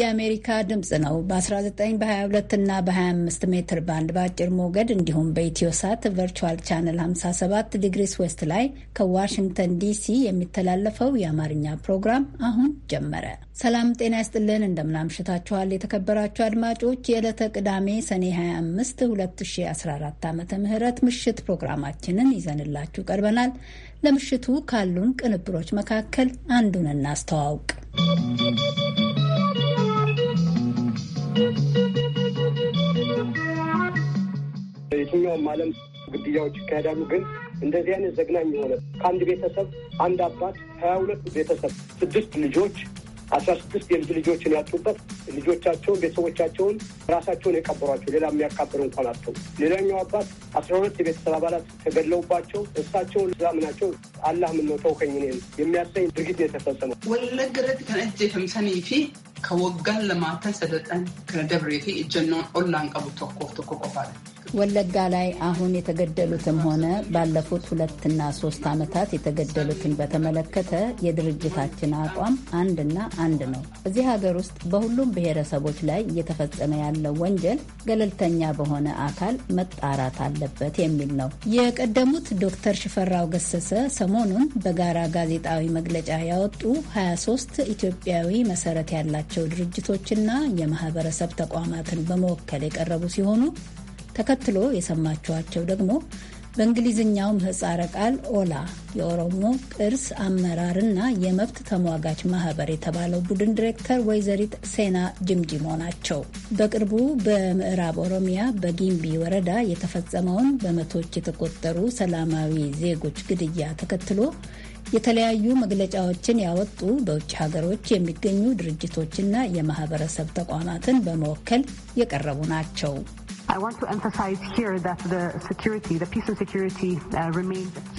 የአሜሪካ ድምፅ ነው። በ19 በ22 እና በ25 ሜትር ባንድ በአጭር ሞገድ እንዲሁም ሳት ቨርቹዋል ቻነል 57 ዲግሪስ ዌስት ላይ ከዋሽንግተን ዲሲ የሚተላለፈው የአማርኛ ፕሮግራም አሁን ጀመረ። ሰላም ጤና ይስጥልን። እንደምናምሽታችኋል የተከበራችሁ አድማጮች የዕለተ ቅዳሜ ሰኔ 25 2014 ዓ ም ምሽት ፕሮግራማችንን ይዘንላችሁ ቀርበናል። ለምሽቱ ካሉን ቅንብሮች መካከል አንዱን እናስተዋውቅ። የትኛውም ዓለም ግድያዎች ይካሄዳሉ። ግን እንደዚህ አይነት ዘግናኝ የሆነ ከአንድ ቤተሰብ አንድ አባት ሀያ ሁለት ቤተሰብ ስድስት ልጆች አስራ ስድስት የልጅ ልጆችን ያጡበት ልጆቻቸውን፣ ቤተሰቦቻቸውን ራሳቸውን የቀበሯቸው ሌላ የሚያካብር እንኳን አጥተው ሌላኛው አባት አስራ ሁለት የቤተሰብ አባላት ተገድለውባቸው እሳቸውን ስላምናቸው አላህ ምነው ተውከኝ እኔን የሚያሰኝ ድርጊት የተፈጸመው ወለገረት ከነጀ ተምሰኒ ፊ Kan waggaan lamaattan sadartaan kana dabree fi ijannoon ollaan qabu tokkoof tokko qofaadha. ወለጋ ላይ አሁን የተገደሉትም ሆነ ባለፉት ሁለትና ሶስት ዓመታት የተገደሉትን በተመለከተ የድርጅታችን አቋም አንድና አንድ ነው። እዚህ ሀገር ውስጥ በሁሉም ብሔረሰቦች ላይ እየተፈጸመ ያለው ወንጀል ገለልተኛ በሆነ አካል መጣራት አለበት የሚል ነው። የቀደሙት ዶክተር ሽፈራው ገሰሰ ሰሞኑን በጋራ ጋዜጣዊ መግለጫ ያወጡ 23 ኢትዮጵያዊ መሰረት ያላቸው ድርጅቶችና የማህበረሰብ ተቋማትን በመወከል የቀረቡ ሲሆኑ ተከትሎ የሰማችኋቸው ደግሞ በእንግሊዝኛው ምህፃረ ቃል ኦላ የኦሮሞ ቅርስ አመራርና የመብት ተሟጋች ማህበር የተባለው ቡድን ዲሬክተር ወይዘሪት ሴና ጅምጂሞ ናቸው። በቅርቡ በምዕራብ ኦሮሚያ በጊምቢ ወረዳ የተፈጸመውን በመቶዎች የተቆጠሩ ሰላማዊ ዜጎች ግድያ ተከትሎ የተለያዩ መግለጫዎችን ያወጡ በውጭ ሀገሮች የሚገኙ ድርጅቶችና የማህበረሰብ ተቋማትን በመወከል የቀረቡ ናቸው። uh,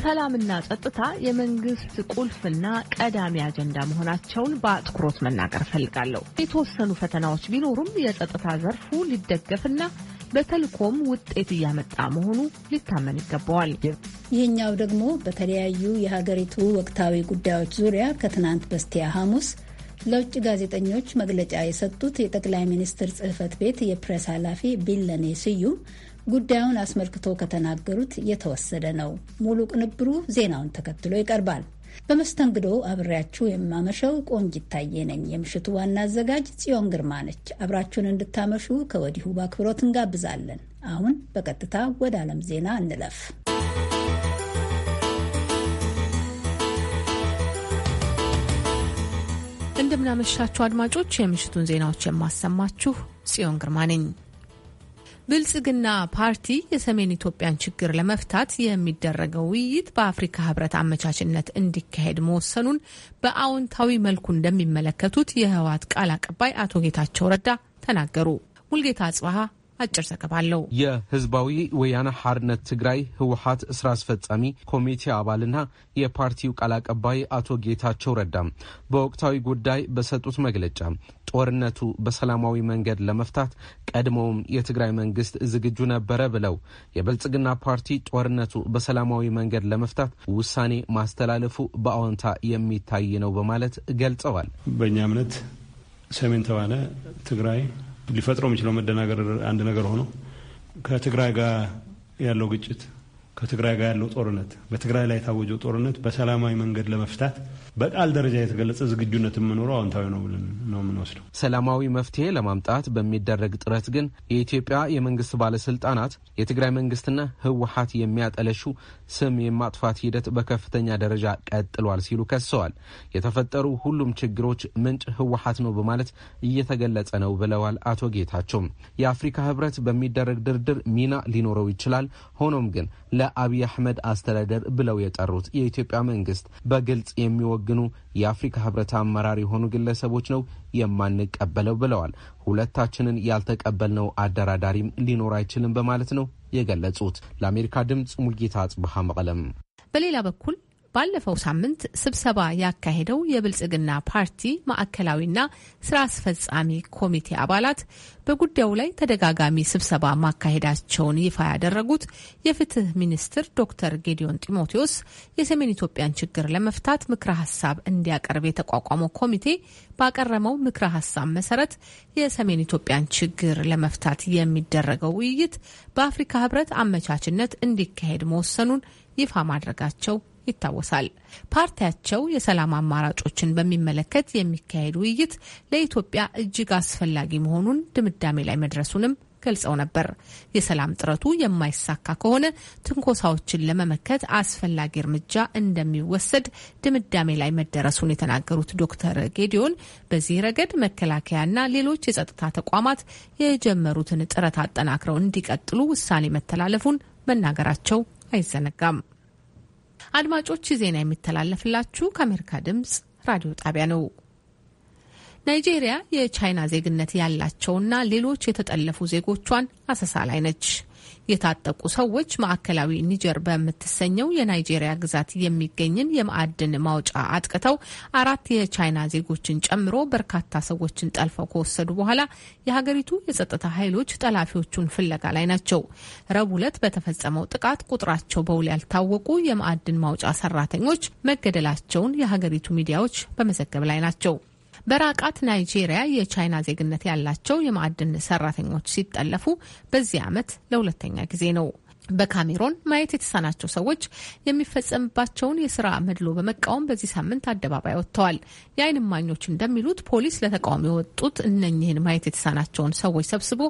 ሰላምና ጸጥታ የመንግስት ቁልፍና ቀዳሚ አጀንዳ መሆናቸውን በአትኩሮት መናገር እፈልጋለሁ። የተወሰኑ ፈተናዎች ቢኖሩም የጸጥታ ዘርፉ ሊደገፍና በተልኮም ውጤት እያመጣ መሆኑ ሊታመን ይገባዋል። ይህኛው ደግሞ በተለያዩ የሀገሪቱ ወቅታዊ ጉዳዮች ዙሪያ ከትናንት በስቲያ ሐሙስ ለውጭ ጋዜጠኞች መግለጫ የሰጡት የጠቅላይ ሚኒስትር ጽህፈት ቤት የፕሬስ ኃላፊ ቢለኔ ስዩም ጉዳዩን አስመልክቶ ከተናገሩት የተወሰደ ነው። ሙሉ ቅንብሩ ዜናውን ተከትሎ ይቀርባል። በመስተንግዶ አብሬያችሁ የማመሸው ቆንጅ ይታየ ነኝ። የምሽቱ ዋና አዘጋጅ ጽዮን ግርማ ነች። አብራችሁን እንድታመሹ ከወዲሁ በአክብሮት እንጋብዛለን። አሁን በቀጥታ ወደ ዓለም ዜና እንለፍ። እንደምናመሻችሁ አድማጮች፣ የምሽቱን ዜናዎች የማሰማችሁ ጽዮን ግርማ ነኝ። ብልጽግና ፓርቲ የሰሜን ኢትዮጵያን ችግር ለመፍታት የሚደረገው ውይይት በአፍሪካ ህብረት አመቻችነት እንዲካሄድ መወሰኑን በአዎንታዊ መልኩ እንደሚመለከቱት የህወሓት ቃል አቀባይ አቶ ጌታቸው ረዳ ተናገሩ። ሙልጌታ አጽባሀ አጭር ዘገባ አለው። የህዝባዊ ወያነ ሓርነት ትግራይ ህወሀት ስራ አስፈጻሚ ኮሚቴ አባልና የፓርቲው ቃል አቀባይ አቶ ጌታቸው ረዳም በወቅታዊ ጉዳይ በሰጡት መግለጫ ጦርነቱ በሰላማዊ መንገድ ለመፍታት ቀድሞውም የትግራይ መንግስት ዝግጁ ነበረ ብለው የብልጽግና ፓርቲ ጦርነቱ በሰላማዊ መንገድ ለመፍታት ውሳኔ ማስተላለፉ በአዎንታ የሚታይ ነው በማለት ገልጸዋል። በእኛ እምነት ሰሜን ተባለ ትግራይ ሊፈጥረው የሚችለው መደናገር አንድ ነገር ሆኖ ከትግራይ ጋር ያለው ግጭት ከትግራይ ጋር ያለው ጦርነት በትግራይ ላይ የታወጀው ጦርነት በሰላማዊ መንገድ ለመፍታት በቃል ደረጃ የተገለጸ ዝግጁነት የምኖረው አዎንታዊ ነው ብለን ነው የምንወስደው። ሰላማዊ መፍትሄ ለማምጣት በሚደረግ ጥረት ግን የኢትዮጵያ የመንግስት ባለስልጣናት የትግራይ መንግስትና ህወሀት የሚያጠለሹ ስም የማጥፋት ሂደት በከፍተኛ ደረጃ ቀጥሏል ሲሉ ከሰዋል። የተፈጠሩ ሁሉም ችግሮች ምንጭ ህወሀት ነው በማለት እየተገለጸ ነው ብለዋል። አቶ ጌታቸው የአፍሪካ ህብረት በሚደረግ ድርድር ሚና ሊኖረው ይችላል። ሆኖም ግን ለአብይ አህመድ አስተዳደር ብለው የጠሩት የኢትዮጵያ መንግስት በግልጽ የሚወግኑ የአፍሪካ ህብረት አመራር የሆኑ ግለሰቦች ነው የማንቀበለው ብለዋል። ሁለታችንን ያልተቀበልነው አደራዳሪም ሊኖር አይችልም በማለት ነው የገለጹት። ለአሜሪካ ድምፅ ሙልጌታ አጽብሃ መቀለም። በሌላ በኩል ባለፈው ሳምንት ስብሰባ ያካሄደው የብልጽግና ፓርቲ ማዕከላዊና ስራ አስፈጻሚ ኮሚቴ አባላት በጉዳዩ ላይ ተደጋጋሚ ስብሰባ ማካሄዳቸውን ይፋ ያደረጉት የፍትህ ሚኒስትር ዶክተር ጌዲዮን ጢሞቴዎስ የሰሜን ኢትዮጵያን ችግር ለመፍታት ምክረ ሀሳብ እንዲያቀርብ የተቋቋመው ኮሚቴ ባቀረመው ምክረ ሀሳብ መሰረት የሰሜን ኢትዮጵያን ችግር ለመፍታት የሚደረገው ውይይት በአፍሪካ ህብረት አመቻችነት እንዲካሄድ መወሰኑን ይፋ ማድረጋቸው ይታወሳል። ፓርቲያቸው የሰላም አማራጮችን በሚመለከት የሚካሄድ ውይይት ለኢትዮጵያ እጅግ አስፈላጊ መሆኑን ድምዳሜ ላይ መድረሱንም ገልጸው ነበር። የሰላም ጥረቱ የማይሳካ ከሆነ ትንኮሳዎችን ለመመከት አስፈላጊ እርምጃ እንደሚወሰድ ድምዳሜ ላይ መደረሱን የተናገሩት ዶክተር ጌዲዮን በዚህ ረገድ መከላከያና ሌሎች የጸጥታ ተቋማት የጀመሩትን ጥረት አጠናክረው እንዲቀጥሉ ውሳኔ መተላለፉን መናገራቸው አይዘነጋም። አድማጮች ዜና የሚተላለፍላችሁ ከአሜሪካ ድምጽ ራዲዮ ጣቢያ ነው። ናይጄሪያ የቻይና ዜግነት ያላቸውና ሌሎች የተጠለፉ ዜጎቿን አሰሳ ላይ ነች። የታጠቁ ሰዎች ማዕከላዊ ኒጀር በምትሰኘው የናይጄሪያ ግዛት የሚገኝን የማዕድን ማውጫ አጥቅተው አራት የቻይና ዜጎችን ጨምሮ በርካታ ሰዎችን ጠልፈው ከወሰዱ በኋላ የሀገሪቱ የጸጥታ ኃይሎች ጠላፊዎቹን ፍለጋ ላይ ናቸው። ረቡዕ ዕለት በተፈጸመው ጥቃት ቁጥራቸው በውል ያልታወቁ የማዕድን ማውጫ ሰራተኞች መገደላቸውን የሀገሪቱ ሚዲያዎች በመዘገብ ላይ ናቸው። በራቃት ናይጄሪያ የቻይና ዜግነት ያላቸው የማዕድን ሰራተኞች ሲጠለፉ በዚህ ዓመት ለሁለተኛ ጊዜ ነው። በካሜሮን ማየት የተሳናቸው ሰዎች የሚፈጸምባቸውን የስራ መድሎ በመቃወም በዚህ ሳምንት አደባባይ ወጥተዋል። የአይን እማኞች እንደሚሉት ፖሊስ ለተቃውሞ የወጡት እነኚህን ማየት የተሳናቸውን ሰዎች ሰብስቦ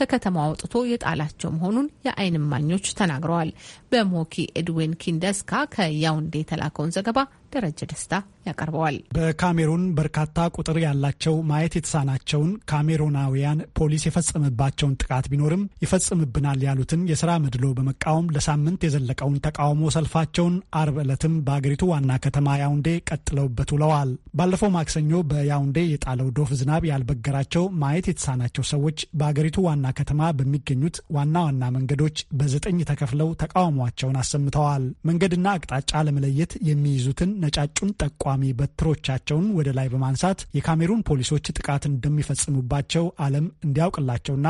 ከከተማ አውጥቶ የጣላቸው መሆኑን የአይን እማኞች ተናግረዋል። በሞኪ ኤድዌን ኪንደስካ ከያውንዴ የተላከውን ዘገባ ደረጀ ደስታ ያቀርበዋል። በካሜሩን በርካታ ቁጥር ያላቸው ማየት የተሳናቸውን ካሜሩናውያን ፖሊስ የፈጸመባቸውን ጥቃት ቢኖርም ይፈጽምብናል ያሉትን የስራ መድሎ በመቃወም ለሳምንት የዘለቀውን ተቃውሞ ሰልፋቸውን አርብ ዕለትም በአገሪቱ ዋና ከተማ ያውንዴ ቀጥለውበት ውለዋል። ባለፈው ማክሰኞ በያውንዴ የጣለው ዶፍ ዝናብ ያልበገራቸው ማየት የተሳናቸው ሰዎች በአገሪቱ ዋና ከተማ በሚገኙት ዋና ዋና መንገዶች በዘጠኝ ተከፍለው ተቃውሟቸውን አሰምተዋል። መንገድና አቅጣጫ ለመለየት የሚይዙትን ነጫጩን ጠቋ ቋሚ በትሮቻቸውን ወደ ላይ በማንሳት የካሜሩን ፖሊሶች ጥቃት እንደሚፈጽሙባቸው ዓለም እንዲያውቅላቸውና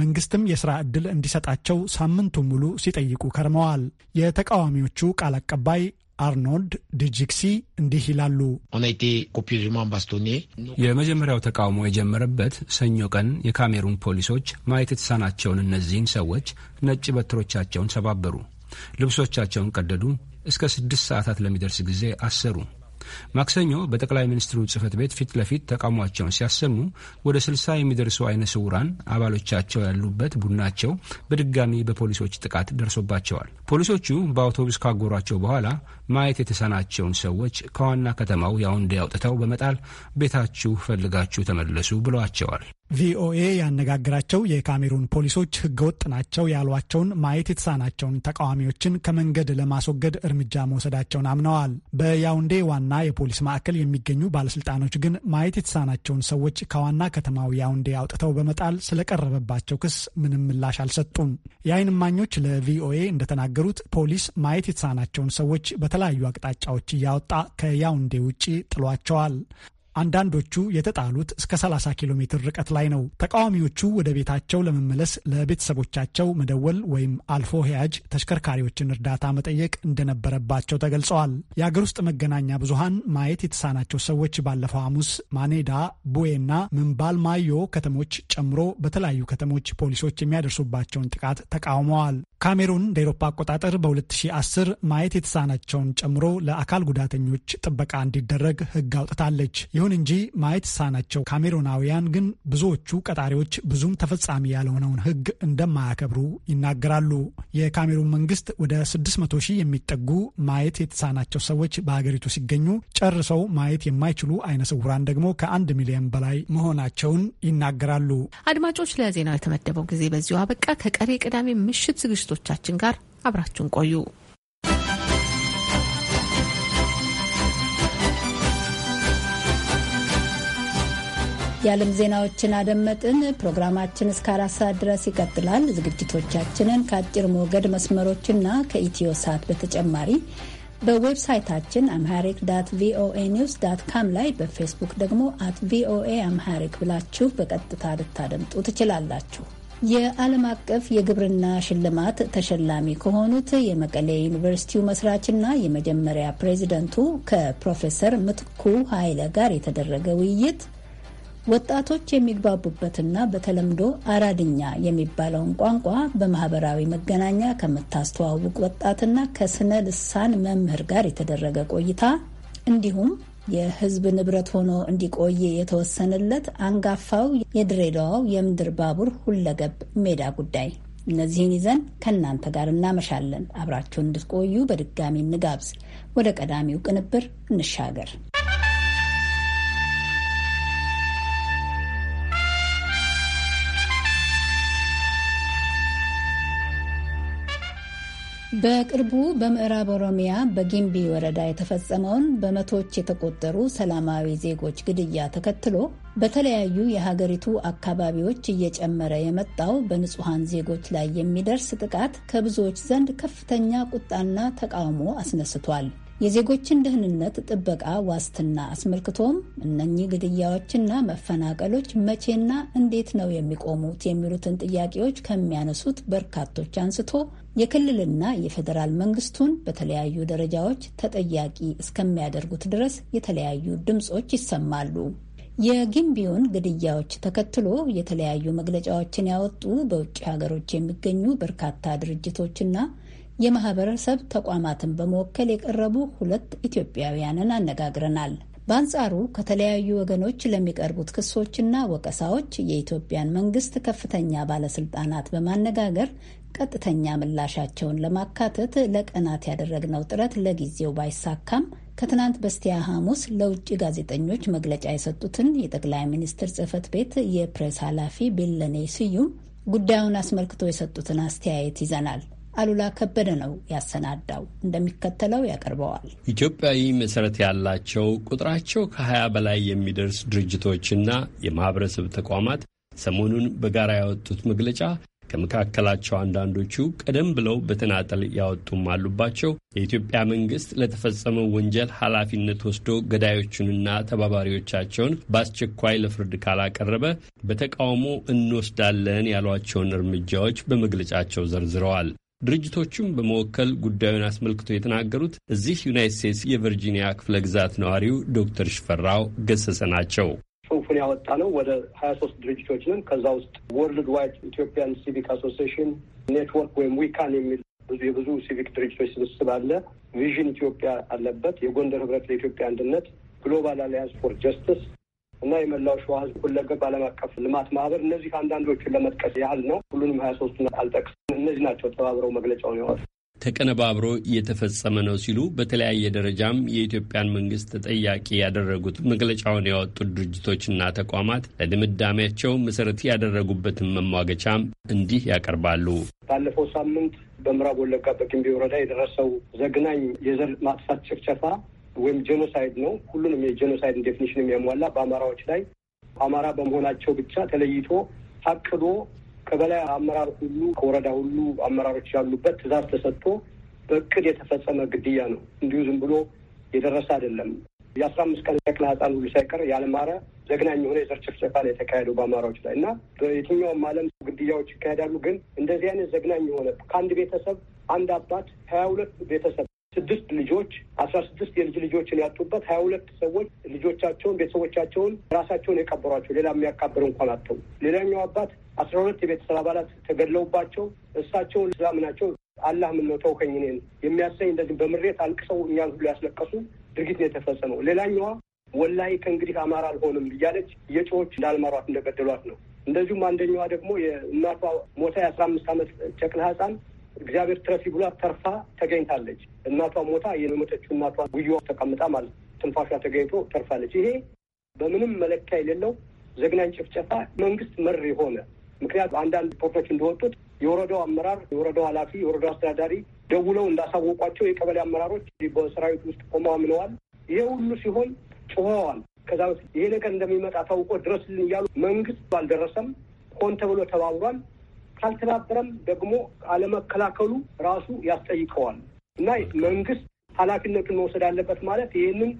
መንግስትም የስራ ዕድል እንዲሰጣቸው ሳምንቱን ሙሉ ሲጠይቁ ከርመዋል። የተቃዋሚዎቹ ቃል አቀባይ አርኖልድ ድጂክሲ እንዲህ ይላሉ። የመጀመሪያው ተቃውሞ የጀመረበት ሰኞ ቀን የካሜሩን ፖሊሶች ማየት የተሳናቸውን እነዚህን ሰዎች ነጭ በትሮቻቸውን ሰባበሩ፣ ልብሶቻቸውን ቀደዱ፣ እስከ ስድስት ሰዓታት ለሚደርስ ጊዜ አሰሩ። ማክሰኞ በጠቅላይ ሚኒስትሩ ጽህፈት ቤት ፊት ለፊት ተቃውሟቸውን ሲያሰሙ ወደ ስልሳ የሚደርሱ አይነ ስውራን አባሎቻቸው ያሉበት ቡድናቸው በድጋሚ በፖሊሶች ጥቃት ደርሶባቸዋል። ፖሊሶቹ በአውቶቡስ ካጎሯቸው በኋላ ማየት የተሳናቸውን ሰዎች ከዋና ከተማው ያውንዴ አውጥተው በመጣል ቤታችሁ ፈልጋችሁ ተመለሱ ብለዋቸዋል። ቪኦኤ ያነጋግራቸው የካሜሩን ፖሊሶች ህገወጥ ናቸው ያሏቸውን ማየት የተሳናቸውን ተቃዋሚዎችን ከመንገድ ለማስወገድ እርምጃ መውሰዳቸውን አምነዋል። በያውንዴ ዋና የፖሊስ ማዕከል የሚገኙ ባለስልጣኖች ግን ማየት የተሳናቸውን ሰዎች ከዋና ከተማው ያውንዴ አውጥተው በመጣል ስለቀረበባቸው ክስ ምንም ምላሽ አልሰጡም። የአይን እማኞች ለቪኦኤ እንደተናገሩት ፖሊስ ማየት የተሳናቸውን ሰዎች በተለያዩ አቅጣጫዎች እያወጣ ከያውንዴ ውጪ ጥሏቸዋል። አንዳንዶቹ የተጣሉት እስከ 30 ኪሎ ሜትር ርቀት ላይ ነው። ተቃዋሚዎቹ ወደ ቤታቸው ለመመለስ ለቤተሰቦቻቸው መደወል ወይም አልፎ ሂያጅ ተሽከርካሪዎችን እርዳታ መጠየቅ እንደነበረባቸው ተገልጸዋል። የአገር ውስጥ መገናኛ ብዙሃን ማየት የተሳናቸው ሰዎች ባለፈው ሐሙስ ማኔዳ፣ ቡዌና ምንባል ማዮ ከተሞች ጨምሮ በተለያዩ ከተሞች ፖሊሶች የሚያደርሱባቸውን ጥቃት ተቃውመዋል። ካሜሩን እንደ ኤሮፓ አቆጣጠር በ2010 ማየት የተሳናቸውን ጨምሮ ለአካል ጉዳተኞች ጥበቃ እንዲደረግ ሕግ አውጥታለች። ይሁን እንጂ ማየት የተሳናቸው ካሜሩናውያን ግን ብዙዎቹ ቀጣሪዎች ብዙም ተፈጻሚ ያልሆነውን ሕግ እንደማያከብሩ ይናገራሉ። የካሜሩን መንግስት ወደ 600 ሺህ የሚጠጉ ማየት የተሳናቸው ሰዎች በሀገሪቱ ሲገኙ ጨርሰው ማየት የማይችሉ አይነ ስውራን ደግሞ ከአንድ ሚሊዮን በላይ መሆናቸውን ይናገራሉ። አድማጮች፣ ለዜናው የተመደበው ጊዜ በዚሁ አበቃ። ከቀሪ ቅዳሜ ምሽት ዝግጅቱ ዝግጅቶቻችን ጋር አብራችሁን ቆዩ። የዓለም ዜናዎችን አደመጥን። ፕሮግራማችን እስከ አራት ሰዓት ድረስ ይቀጥላል። ዝግጅቶቻችንን ከአጭር ሞገድ መስመሮችና ከኢትዮ ሳት በተጨማሪ በዌብሳይታችን አምሃሪክ ዳት ቪኦኤ ኒውስ ዳት ካም ላይ በፌስቡክ ደግሞ አት ቪኦኤ አምሃሪክ ብላችሁ በቀጥታ ልታደምጡ ትችላላችሁ። የዓለም አቀፍ የግብርና ሽልማት ተሸላሚ ከሆኑት የመቀሌ ዩኒቨርሲቲው መስራችና የመጀመሪያ ፕሬዚደንቱ ከፕሮፌሰር ምትኩ ኃይለ ጋር የተደረገ ውይይት ወጣቶች የሚግባቡበትና በተለምዶ አራድኛ የሚባለውን ቋንቋ በማህበራዊ መገናኛ ከምታስተዋውቅ ወጣትና ከስነ ልሳን መምህር ጋር የተደረገ ቆይታ እንዲሁም የህዝብ ንብረት ሆኖ እንዲቆይ የተወሰነለት አንጋፋው የድሬዳዋው የምድር ባቡር ሁለገብ ሜዳ ጉዳይ። እነዚህን ይዘን ከእናንተ ጋር እናመሻለን። አብራችሁን እንድትቆዩ በድጋሚ እንጋብዝ። ወደ ቀዳሚው ቅንብር እንሻገር። በቅርቡ በምዕራብ ኦሮሚያ በጊምቢ ወረዳ የተፈጸመውን በመቶዎች የተቆጠሩ ሰላማዊ ዜጎች ግድያ ተከትሎ በተለያዩ የሀገሪቱ አካባቢዎች እየጨመረ የመጣው በንጹሐን ዜጎች ላይ የሚደርስ ጥቃት ከብዙዎች ዘንድ ከፍተኛ ቁጣና ተቃውሞ አስነስቷል። የዜጎችን ደህንነት ጥበቃ ዋስትና አስመልክቶም እነኚህ ግድያዎችና መፈናቀሎች መቼና እንዴት ነው የሚቆሙት የሚሉትን ጥያቄዎች ከሚያነሱት በርካቶች አንስቶ የክልልና የፌዴራል መንግስቱን በተለያዩ ደረጃዎች ተጠያቂ እስከሚያደርጉት ድረስ የተለያዩ ድምጾች ይሰማሉ። የጊምቢውን ግድያዎች ተከትሎ የተለያዩ መግለጫዎችን ያወጡ በውጭ ሀገሮች የሚገኙ በርካታ ድርጅቶችና የማህበረሰብ ተቋማትን በመወከል የቀረቡ ሁለት ኢትዮጵያውያንን አነጋግረናል። በአንጻሩ ከተለያዩ ወገኖች ለሚቀርቡት ክሶችና ወቀሳዎች የኢትዮጵያን መንግስት ከፍተኛ ባለስልጣናት በማነጋገር ቀጥተኛ ምላሻቸውን ለማካተት ለቀናት ያደረግነው ጥረት ለጊዜው ባይሳካም ከትናንት በስቲያ ሐሙስ ለውጭ ጋዜጠኞች መግለጫ የሰጡትን የጠቅላይ ሚኒስትር ጽህፈት ቤት የፕሬስ ኃላፊ ቢለኔ ስዩም ጉዳዩን አስመልክቶ የሰጡትን አስተያየት ይዘናል። አሉላ ከበደ ነው ያሰናዳው፣ እንደሚከተለው ያቀርበዋል። ኢትዮጵያዊ መሰረት ያላቸው ቁጥራቸው ከ20 በላይ የሚደርስ ድርጅቶችና የማህበረሰብ ተቋማት ሰሞኑን በጋራ ያወጡት መግለጫ ከመካከላቸው አንዳንዶቹ ቀደም ብለው በተናጠል ያወጡም አሉባቸው የኢትዮጵያ መንግስት ለተፈጸመው ወንጀል ኃላፊነት ወስዶ ገዳዮቹንና ተባባሪዎቻቸውን በአስቸኳይ ለፍርድ ካላቀረበ በተቃውሞ እንወስዳለን ያሏቸውን እርምጃዎች በመግለጫቸው ዘርዝረዋል። ድርጅቶቹን በመወከል ጉዳዩን አስመልክቶ የተናገሩት እዚህ ዩናይት ስቴትስ የቨርጂኒያ ክፍለ ግዛት ነዋሪው ዶክተር ሽፈራው ገሰሰ ናቸው። ጽሁፉን ያወጣ ነው ወደ ሀያ ሶስት ድርጅቶች ነን። ከዛ ውስጥ ወርልድ ዋይድ ኢትዮጵያን ሲቪክ አሶሲሽን ኔትወርክ ወይም ዊካን የሚል ብዙ የብዙ ሲቪክ ድርጅቶች ስብስብ አለ። ቪዥን ኢትዮጵያ አለበት። የጎንደር ህብረት ለኢትዮጵያ አንድነት፣ ግሎባል አሊያንስ ፎር ጀስትስ እና የመላው ሸዋ ህዝብ ሁለገብ ዓለም አቀፍ ልማት ማህበር እነዚህ አንዳንዶችን ለመጥቀስ ያህል ነው። ሁሉንም ሀያ ሶስቱን አልጠቅስም። እነዚህ ናቸው ተባብረው መግለጫውን ያወጡ ተቀነባብሮ እየተፈጸመ ነው ሲሉ በተለያየ ደረጃም የኢትዮጵያን መንግስት ተጠያቂ ያደረጉት መግለጫውን ያወጡት ድርጅቶችና ተቋማት ለድምዳሜያቸው መሰረት ያደረጉበትን መሟገቻም እንዲህ ያቀርባሉ። ባለፈው ሳምንት በምዕራብ ወለጋ በጊምቢ ወረዳ የደረሰው ዘግናኝ የዘር ማጥፋት ጭፍጨፋ ወይም ጄኖሳይድ ነው። ሁሉንም የጄኖሳይድን ዴፊኒሽን የሚያሟላ በአማራዎች ላይ አማራ በመሆናቸው ብቻ ተለይቶ ታቅዶ ከበላይ አመራር ሁሉ ከወረዳ ሁሉ አመራሮች ያሉበት ትዕዛዝ ተሰጥቶ በእቅድ የተፈጸመ ግድያ ነው። እንዲሁ ዝም ብሎ የደረሰ አይደለም። የአስራ አምስት ቀን ጨቅላ ህፃን ሁሉ ሳይቀር ያለማረ ዘግናኝ የሆነ የዘር ጭፍጨፋ ነው የተካሄደው በአማራዎች ላይ እና በየትኛውም ዓለም ግድያዎች ይካሄዳሉ። ግን እንደዚህ አይነት ዘግናኝ የሆነ ከአንድ ቤተሰብ አንድ አባት ሀያ ሁለት ቤተሰብ ስድስት ልጆች አስራ ስድስት የልጅ ልጆችን ያጡበት ሀያ ሁለት ሰዎች ልጆቻቸውን ቤተሰቦቻቸውን ራሳቸውን የቀበሯቸው ሌላ የሚያቃብር እንኳን አተው ሌላኛው አባት አስራ ሁለት የቤተሰብ አባላት ተገድለውባቸው እሳቸውን ስላምናቸው አላህ ምን ነው ተውከኝ እኔን የሚያሰኝ እንደዚህ በምሬት አልቅሰው እኛን ሁሉ ያስለቀሱ ድርጊት ነው የተፈጸመው። ሌላኛዋ ወላይ ከእንግዲህ አማራ አልሆንም እያለች የጮዎች እንዳልማሯት እንደገደሏት ነው። እንደዚሁም አንደኛዋ ደግሞ የእናቷ ሞታ የአስራ አምስት ዓመት ጨቅላ ህፃን እግዚአብሔር ትረፊ ብሏት ተርፋ ተገኝታለች። እናቷ ሞታ የመሞተችው እናቷ ጉዮ ተቀምጣ ማለት ትንፋሿ ተገኝቶ ተርፋለች። ይሄ በምንም መለኪያ የሌለው ዘግናኝ ጭፍጨፋ መንግስት መር የሆነ ምክንያቱ አንዳንድ ሪፖርቶች እንደወጡት የወረዳው አመራር፣ የወረዳው ኃላፊ፣ የወረዳው አስተዳዳሪ ደውለው እንዳሳወቋቸው የቀበሌ አመራሮች በሰራዊት ውስጥ ቆመው አምነዋል። ይሄ ሁሉ ሲሆን ጮኸዋል። ከዛ በፊት ይሄ ነገር እንደሚመጣ ታውቆ ድረስልን እያሉ መንግስት ባልደረሰም ሆን ተብሎ ተባብሯል። ካልተባበረም ደግሞ አለመከላከሉ ራሱ ያስጠይቀዋል እና መንግስት ኃላፊነቱን መውሰድ አለበት። ማለት ይህንን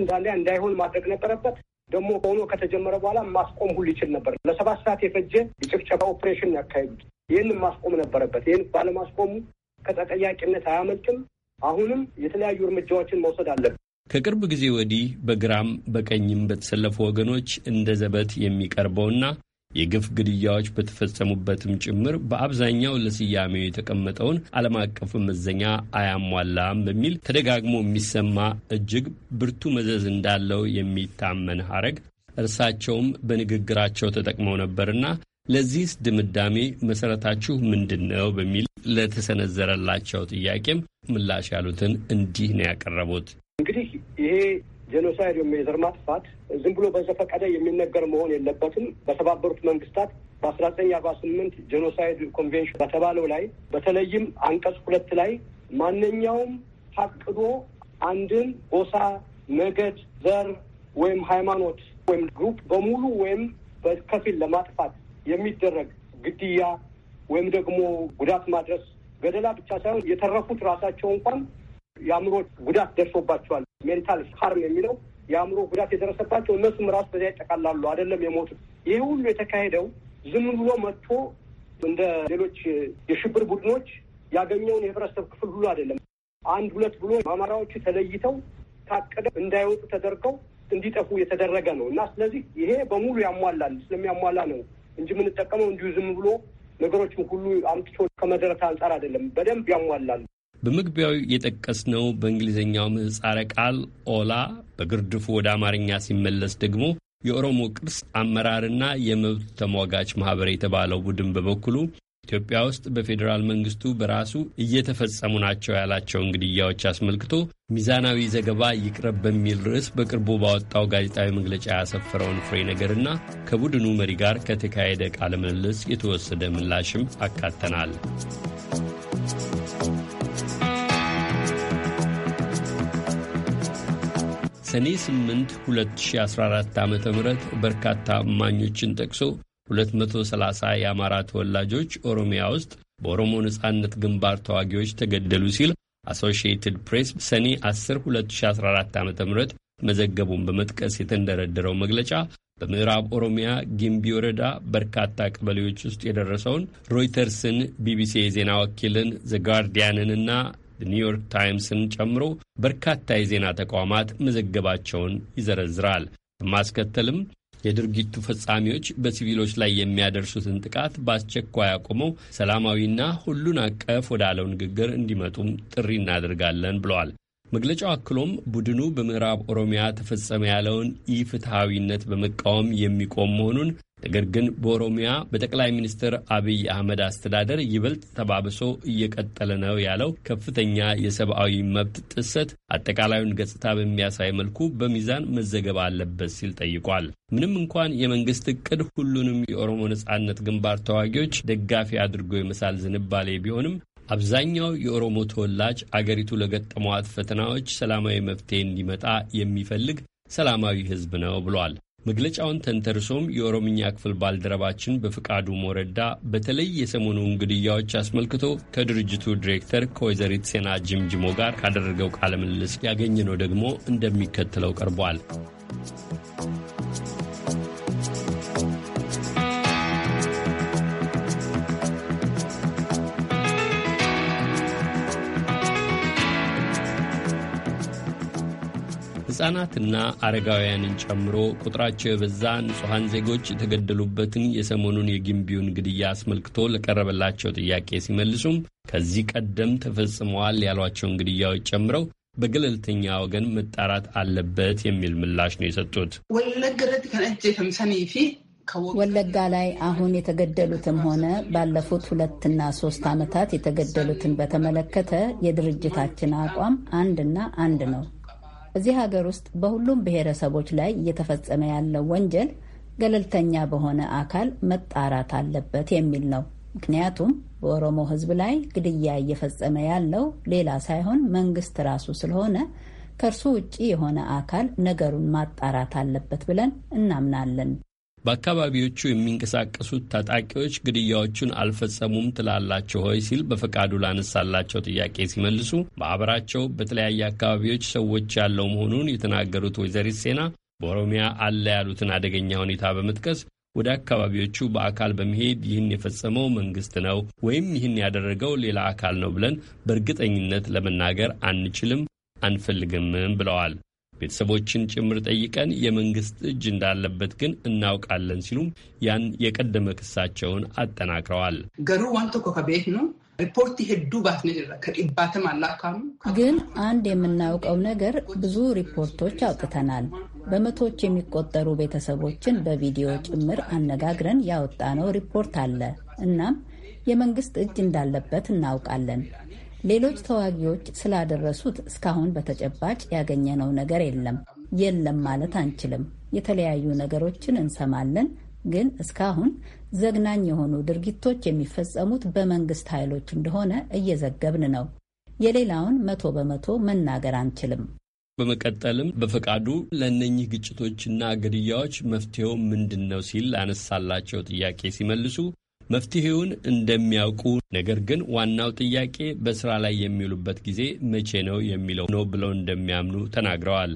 እንዳለ እንዳይሆን ማድረግ ነበረበት። ደግሞ ሆኖ ከተጀመረ በኋላ ማስቆም ሁሉ ይችል ነበር። ለሰባት ሰዓት የፈጀ የጭፍጨፋ ኦፕሬሽን ያካሄዱት ይህንን ማስቆም ነበረበት። ይህን ባለማስቆሙ ከተጠያቂነት አያመልጥም። አሁንም የተለያዩ እርምጃዎችን መውሰድ አለበት። ከቅርብ ጊዜ ወዲህ በግራም በቀኝም በተሰለፉ ወገኖች እንደ ዘበት የሚቀርበውና የግፍ ግድያዎች በተፈጸሙበትም ጭምር በአብዛኛው ለስያሜው የተቀመጠውን ዓለም አቀፍ መዘኛ አያሟላም በሚል ተደጋግሞ የሚሰማ እጅግ ብርቱ መዘዝ እንዳለው የሚታመን ሐረግ እርሳቸውም በንግግራቸው ተጠቅመው ነበርና ለዚህስ ድምዳሜ መሠረታችሁ ምንድን ነው? በሚል ለተሰነዘረላቸው ጥያቄም ምላሽ ያሉትን እንዲህ ነው ያቀረቡት። እንግዲህ ይሄ ጄኖሳይድ ወይም የዘር ማጥፋት ዝም ብሎ በዘፈቀደ የሚነገር መሆን የለበትም። በተባበሩት መንግስታት በአስራ ዘጠኝ አርባ ስምንት ጄኖሳይድ ኮንቬንሽን በተባለው ላይ በተለይም አንቀጽ ሁለት ላይ ማንኛውም ታቅዶ አንድን ጎሳ፣ ነገድ፣ ዘር ወይም ሃይማኖት ወይም ግሩፕ በሙሉ ወይም በከፊል ለማጥፋት የሚደረግ ግድያ ወይም ደግሞ ጉዳት ማድረስ ገደላ ብቻ ሳይሆን የተረፉት ራሳቸው እንኳን የአእምሮ ጉዳት ደርሶባቸዋል። ሜንታል ሀርም የሚለው የአእምሮ ጉዳት የደረሰባቸው እነሱም ራሱ በዚያ ይጠቃላሉ። አይደለም የሞቱት። ይህ ሁሉ የተካሄደው ዝም ብሎ መጥቶ እንደ ሌሎች የሽብር ቡድኖች ያገኘውን የህብረተሰብ ክፍል ሁሉ አይደለም አንድ ሁለት ብሎ በአማራዎቹ ተለይተው ታቀደ እንዳይወጡ ተደርገው እንዲጠፉ የተደረገ ነው እና ስለዚህ ይሄ በሙሉ ያሟላል። ስለሚያሟላ ነው እንጂ የምንጠቀመው እንዲሁ ዝም ብሎ ነገሮችን ሁሉ አምጥቶ ከመደረት አንጻር አይደለም። በደንብ ያሟላል። በመግቢያው የጠቀስነው በእንግሊዝኛው ምህጻረ ቃል ኦላ በግርድፉ ወደ አማርኛ ሲመለስ ደግሞ የኦሮሞ ቅርስ አመራርና የመብት ተሟጋች ማህበር የተባለው ቡድን በበኩሉ ኢትዮጵያ ውስጥ በፌዴራል መንግስቱ በራሱ እየተፈጸሙ ናቸው ያላቸውን ግድያዎች አስመልክቶ ሚዛናዊ ዘገባ ይቅረብ በሚል ርዕስ በቅርቡ ባወጣው ጋዜጣዊ መግለጫ ያሰፈረውን ፍሬ ነገርና ከቡድኑ መሪ ጋር ከተካሄደ ቃለ ምልልስ የተወሰደ ምላሽም አካተናል። ሰኔ 8 2014 ዓ ም በርካታ እማኞችን ጠቅሶ 230 የአማራ ተወላጆች ኦሮሚያ ውስጥ በኦሮሞ ነጻነት ግንባር ተዋጊዎች ተገደሉ ሲል አሶሺየትድ ፕሬስ ሰኔ 10 2014 ዓ ም መዘገቡን በመጥቀስ የተንደረደረው መግለጫ በምዕራብ ኦሮሚያ ጊምቢ ወረዳ በርካታ ቀበሌዎች ውስጥ የደረሰውን ሮይተርስን፣ ቢቢሲ የዜና ወኪልን፣ ዘጋርዲያንን እና ኒውዮርክ ታይምስን ጨምሮ በርካታ የዜና ተቋማት መዘገባቸውን ይዘረዝራል። በማስከተልም የድርጊቱ ፈጻሚዎች በሲቪሎች ላይ የሚያደርሱትን ጥቃት በአስቸኳይ አቁመው ሰላማዊና ሁሉን አቀፍ ወዳለው ንግግር እንዲመጡም ጥሪ እናደርጋለን ብለዋል። መግለጫው አክሎም ቡድኑ በምዕራብ ኦሮሚያ ተፈጸመ ያለውን ኢፍትሐዊነት በመቃወም የሚቆም መሆኑን ነገር ግን በኦሮሚያ በጠቅላይ ሚኒስትር አብይ አህመድ አስተዳደር ይበልጥ ተባብሶ እየቀጠለ ነው ያለው ከፍተኛ የሰብአዊ መብት ጥሰት አጠቃላዩን ገጽታ በሚያሳይ መልኩ በሚዛን መዘገብ አለበት ሲል ጠይቋል። ምንም እንኳን የመንግስት እቅድ ሁሉንም የኦሮሞ ነጻነት ግንባር ተዋጊዎች ደጋፊ አድርጎ የመሳል ዝንባሌ ቢሆንም አብዛኛው የኦሮሞ ተወላጅ አገሪቱ ለገጠሟት ፈተናዎች ሰላማዊ መፍትሄ እንዲመጣ የሚፈልግ ሰላማዊ ሕዝብ ነው ብሏል። መግለጫውን ተንተርሶም የኦሮምኛ ክፍል ባልደረባችን በፍቃዱ ሞረዳ በተለይ የሰሞኑን ግድያዎች አስመልክቶ ከድርጅቱ ዲሬክተር ከወይዘሪት ሴና ጅምጅሞ ጋር ካደረገው ቃለ ምልልስ ያገኘ ነው ደግሞ እንደሚከተለው ቀርቧል። ሕፃናትና አረጋውያንን ጨምሮ ቁጥራቸው የበዛ ንጹሐን ዜጎች የተገደሉበትን የሰሞኑን የግንቢውን ግድያ አስመልክቶ ለቀረበላቸው ጥያቄ ሲመልሱም ከዚህ ቀደም ተፈጽመዋል ያሏቸውን ግድያዎች ጨምረው በገለልተኛ ወገን መጣራት አለበት የሚል ምላሽ ነው የሰጡት። ወለጋ ላይ አሁን የተገደሉትም ሆነ ባለፉት ሁለትና ሶስት ዓመታት የተገደሉትን በተመለከተ የድርጅታችን አቋም አንድና አንድ ነው። እዚህ ሀገር ውስጥ በሁሉም ብሔረሰቦች ላይ እየተፈጸመ ያለው ወንጀል ገለልተኛ በሆነ አካል መጣራት አለበት የሚል ነው። ምክንያቱም በኦሮሞ ሕዝብ ላይ ግድያ እየፈጸመ ያለው ሌላ ሳይሆን መንግስት ራሱ ስለሆነ ከእርሱ ውጪ የሆነ አካል ነገሩን ማጣራት አለበት ብለን እናምናለን። በአካባቢዎቹ የሚንቀሳቀሱት ታጣቂዎች ግድያዎቹን አልፈጸሙም ትላላቸው ሆይ ሲል በፈቃዱ ላነሳላቸው ጥያቄ ሲመልሱ ማህበራቸው በተለያየ አካባቢዎች ሰዎች ያለው መሆኑን የተናገሩት ወይዘሪት ሴና በኦሮሚያ አለ ያሉትን አደገኛ ሁኔታ በመጥቀስ ወደ አካባቢዎቹ በአካል በመሄድ ይህን የፈጸመው መንግስት ነው ወይም ይህን ያደረገው ሌላ አካል ነው ብለን በእርግጠኝነት ለመናገር አንችልም፣ አንፈልግምም ብለዋል። ቤተሰቦችን ጭምር ጠይቀን የመንግስት እጅ እንዳለበት ግን እናውቃለን ሲሉም ያን የቀደመ ክሳቸውን አጠናክረዋል። ገሩ ዋንቶ ኮከቤት ነው ሪፖርት ሄዱ ግን አንድ የምናውቀው ነገር ብዙ ሪፖርቶች አውጥተናል። በመቶዎች የሚቆጠሩ ቤተሰቦችን በቪዲዮ ጭምር አነጋግረን ያወጣነው ሪፖርት አለ። እናም የመንግስት እጅ እንዳለበት እናውቃለን። ሌሎች ተዋጊዎች ስላደረሱት እስካሁን በተጨባጭ ያገኘነው ነገር የለም። የለም ማለት አንችልም። የተለያዩ ነገሮችን እንሰማለን፣ ግን እስካሁን ዘግናኝ የሆኑ ድርጊቶች የሚፈጸሙት በመንግስት ኃይሎች እንደሆነ እየዘገብን ነው። የሌላውን መቶ በመቶ መናገር አንችልም። በመቀጠልም በፈቃዱ ለእነኚህ ግጭቶችና ግድያዎች መፍትሄው ምንድን ነው ሲል ላነሳላቸው ጥያቄ ሲመልሱ መፍትሄውን እንደሚያውቁ ነገር ግን ዋናው ጥያቄ በስራ ላይ የሚውሉበት ጊዜ መቼ ነው የሚለው ነው ብለው እንደሚያምኑ ተናግረዋል።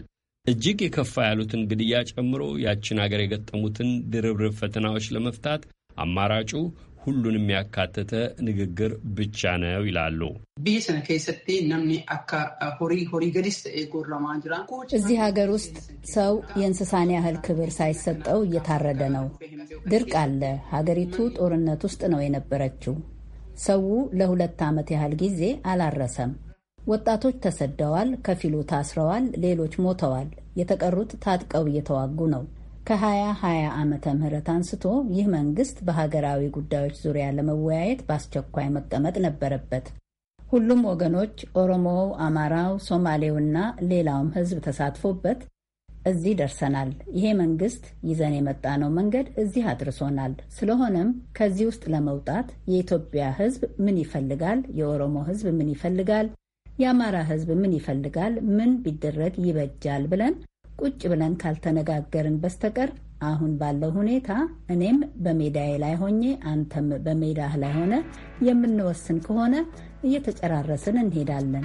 እጅግ የከፋ ያሉትን ግድያ ጨምሮ ያችን አገር የገጠሙትን ድርብርብ ፈተናዎች ለመፍታት አማራጩ ሁሉንም ያካተተ ንግግር ብቻ ነው ይላሉ። እዚህ ሀገር ውስጥ ሰው የእንስሳን ያህል ክብር ሳይሰጠው እየታረደ ነው። ድርቅ አለ። ሀገሪቱ ጦርነት ውስጥ ነው የነበረችው። ሰው ለሁለት ዓመት ያህል ጊዜ አላረሰም። ወጣቶች ተሰደዋል፣ ከፊሉ ታስረዋል፣ ሌሎች ሞተዋል። የተቀሩት ታጥቀው እየተዋጉ ነው። ከ2020 ዓመተ ምህረት አንስቶ ይህ መንግስት በሀገራዊ ጉዳዮች ዙሪያ ለመወያየት በአስቸኳይ መቀመጥ ነበረበት። ሁሉም ወገኖች ኦሮሞው፣ አማራው፣ ሶማሌውና ሌላውም ህዝብ ተሳትፎበት እዚህ ደርሰናል። ይሄ መንግስት ይዘን የመጣነው መንገድ እዚህ አድርሶናል። ስለሆነም ከዚህ ውስጥ ለመውጣት የኢትዮጵያ ህዝብ ምን ይፈልጋል? የኦሮሞ ህዝብ ምን ይፈልጋል? የአማራ ህዝብ ምን ይፈልጋል? ምን ቢደረግ ይበጃል? ብለን ቁጭ ብለን ካልተነጋገርን በስተቀር አሁን ባለው ሁኔታ እኔም በሜዳዬ ላይ ሆኜ አንተም በሜዳህ ላይ ሆነ የምንወስን ከሆነ እየተጨራረስን እንሄዳለን።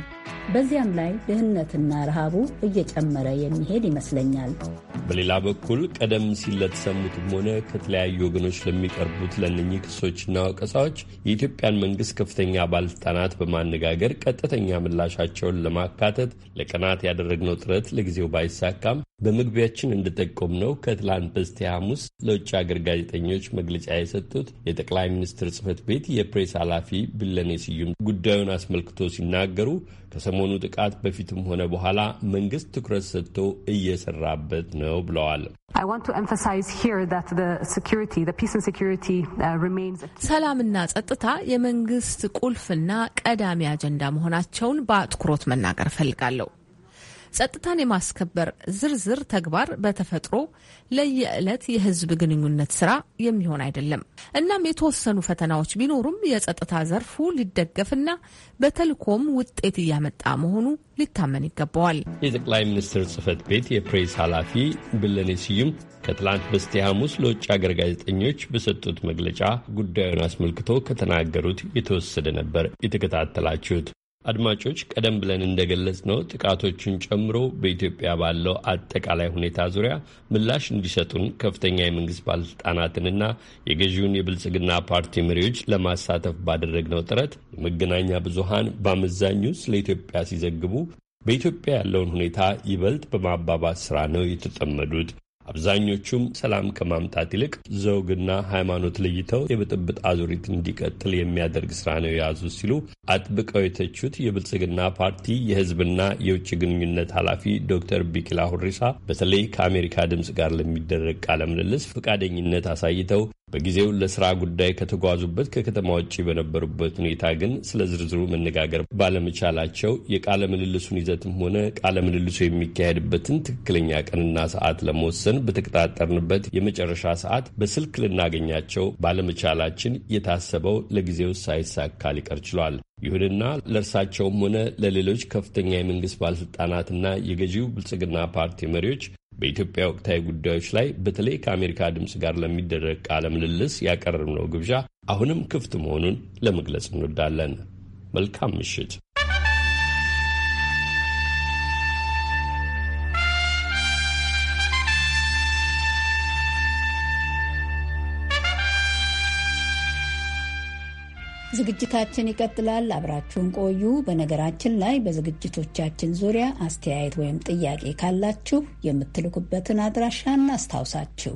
በዚያም ላይ ድህነትና ረሃቡ እየጨመረ የሚሄድ ይመስለኛል። በሌላ በኩል ቀደም ሲል ለተሰሙትም ሆነ ከተለያዩ ወገኖች ለሚቀርቡት ለእነኚህ ክሶችና ወቀሳዎች የኢትዮጵያን መንግስት ከፍተኛ ባለስልጣናት በማነጋገር ቀጥተኛ ምላሻቸውን ለማካተት ለቀናት ያደረግነው ጥረት ለጊዜው ባይሳካም በመግቢያችን እንደጠቆምነው ከትላንት በስቲያ ሐሙስ ለውጭ ሀገር ጋዜጠኞች መግለጫ የሰጡት የጠቅላይ ሚኒስትር ጽህፈት ቤት የፕሬስ ኃላፊ ብለኔ ስዩም ጉዳዩን አስመልክቶ ሲናገሩ ከሰሞኑ ጥቃት በፊትም ሆነ በኋላ መንግስት ትኩረት ሰጥቶ እየሰራበት ነው ብለዋል። uh, ሰላምና ጸጥታ የመንግስት ቁልፍና ቀዳሚ አጀንዳ መሆናቸውን በአትኩሮት መናገር እፈልጋለሁ። ጸጥታን የማስከበር ዝርዝር ተግባር በተፈጥሮ ለየዕለት የህዝብ ግንኙነት ስራ የሚሆን አይደለም። እናም የተወሰኑ ፈተናዎች ቢኖሩም የጸጥታ ዘርፉ ሊደገፍና በተልኮም ውጤት እያመጣ መሆኑ ሊታመን ይገባዋል። የጠቅላይ ሚኒስትር ጽህፈት ቤት የፕሬስ ኃላፊ ብለኔ ስዩም ከትላንት በስቲያ ሐሙስ ለውጭ ሀገር ጋዜጠኞች በሰጡት መግለጫ ጉዳዩን አስመልክቶ ከተናገሩት የተወሰደ ነበር የተከታተላችሁት። አድማጮች ቀደም ብለን እንደገለጽ ነው ጥቃቶቹን ጨምሮ በኢትዮጵያ ባለው አጠቃላይ ሁኔታ ዙሪያ ምላሽ እንዲሰጡን ከፍተኛ የመንግስት ባለስልጣናትንና የገዢውን የብልጽግና ፓርቲ መሪዎች ለማሳተፍ ባደረግነው ጥረት የመገናኛ ብዙሃን በአመዛኙ ስለ ኢትዮጵያ ሲዘግቡ በኢትዮጵያ ያለውን ሁኔታ ይበልጥ በማባባስ ስራ ነው የተጠመዱት። አብዛኞቹም ሰላም ከማምጣት ይልቅ ዘውግና ሃይማኖት ለይተው የብጥብጥ አዙሪት እንዲቀጥል የሚያደርግ ስራ ነው የያዙ ሲሉ አጥብቀው የተቹት የብልጽግና ፓርቲ የህዝብና የውጭ ግንኙነት ኃላፊ ዶክተር ቢኪላ ሁሪሳ በተለይ ከአሜሪካ ድምፅ ጋር ለሚደረግ ቃለምልልስ ፈቃደኝነት አሳይተው በጊዜው ለስራ ጉዳይ ከተጓዙበት ከከተማ ውጭ በነበሩበት ሁኔታ ግን ስለ ዝርዝሩ መነጋገር ባለመቻላቸው የቃለ ምልልሱን ይዘትም ሆነ ቃለ ምልልሱ የሚካሄድበትን ትክክለኛ ቀንና ሰዓት ለመወሰን በተቀጣጠርንበት የመጨረሻ ሰዓት በስልክ ልናገኛቸው ባለመቻላችን የታሰበው ለጊዜው ሳይሳካ ሊቀር ችሏል። ይሁንና ለእርሳቸውም ሆነ ለሌሎች ከፍተኛ የመንግስት ባለስልጣናትና የገዢው ብልጽግና ፓርቲ መሪዎች በኢትዮጵያ ወቅታዊ ጉዳዮች ላይ በተለይ ከአሜሪካ ድምፅ ጋር ለሚደረግ ቃለ ምልልስ ያቀረብነው ግብዣ አሁንም ክፍት መሆኑን ለመግለጽ እንወዳለን። መልካም ምሽት። ዝግጅታችን ይቀጥላል። አብራችሁን ቆዩ። በነገራችን ላይ በዝግጅቶቻችን ዙሪያ አስተያየት ወይም ጥያቄ ካላችሁ የምትልኩበትን አድራሻ እናስታውሳችሁ።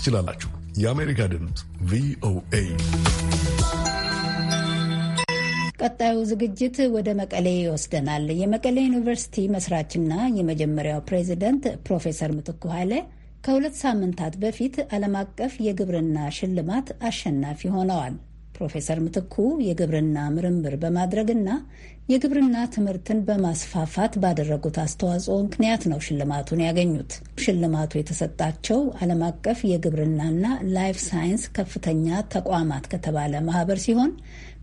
ትችላላችሁ። የአሜሪካ ድምፅ ቪኦኤ። ቀጣዩ ዝግጅት ወደ መቀሌ ይወስደናል። የመቀሌ ዩኒቨርሲቲ መስራችና የመጀመሪያው ፕሬዚደንት ፕሮፌሰር ምትኩ ኃይለ ከሁለት ሳምንታት በፊት ዓለም አቀፍ የግብርና ሽልማት አሸናፊ ሆነዋል። ፕሮፌሰር ምትኩ የግብርና ምርምር በማድረግና የግብርና ትምህርትን በማስፋፋት ባደረጉት አስተዋጽኦ ምክንያት ነው ሽልማቱን ያገኙት። ሽልማቱ የተሰጣቸው ዓለም አቀፍ የግብርናና ላይፍ ሳይንስ ከፍተኛ ተቋማት ከተባለ ማህበር ሲሆን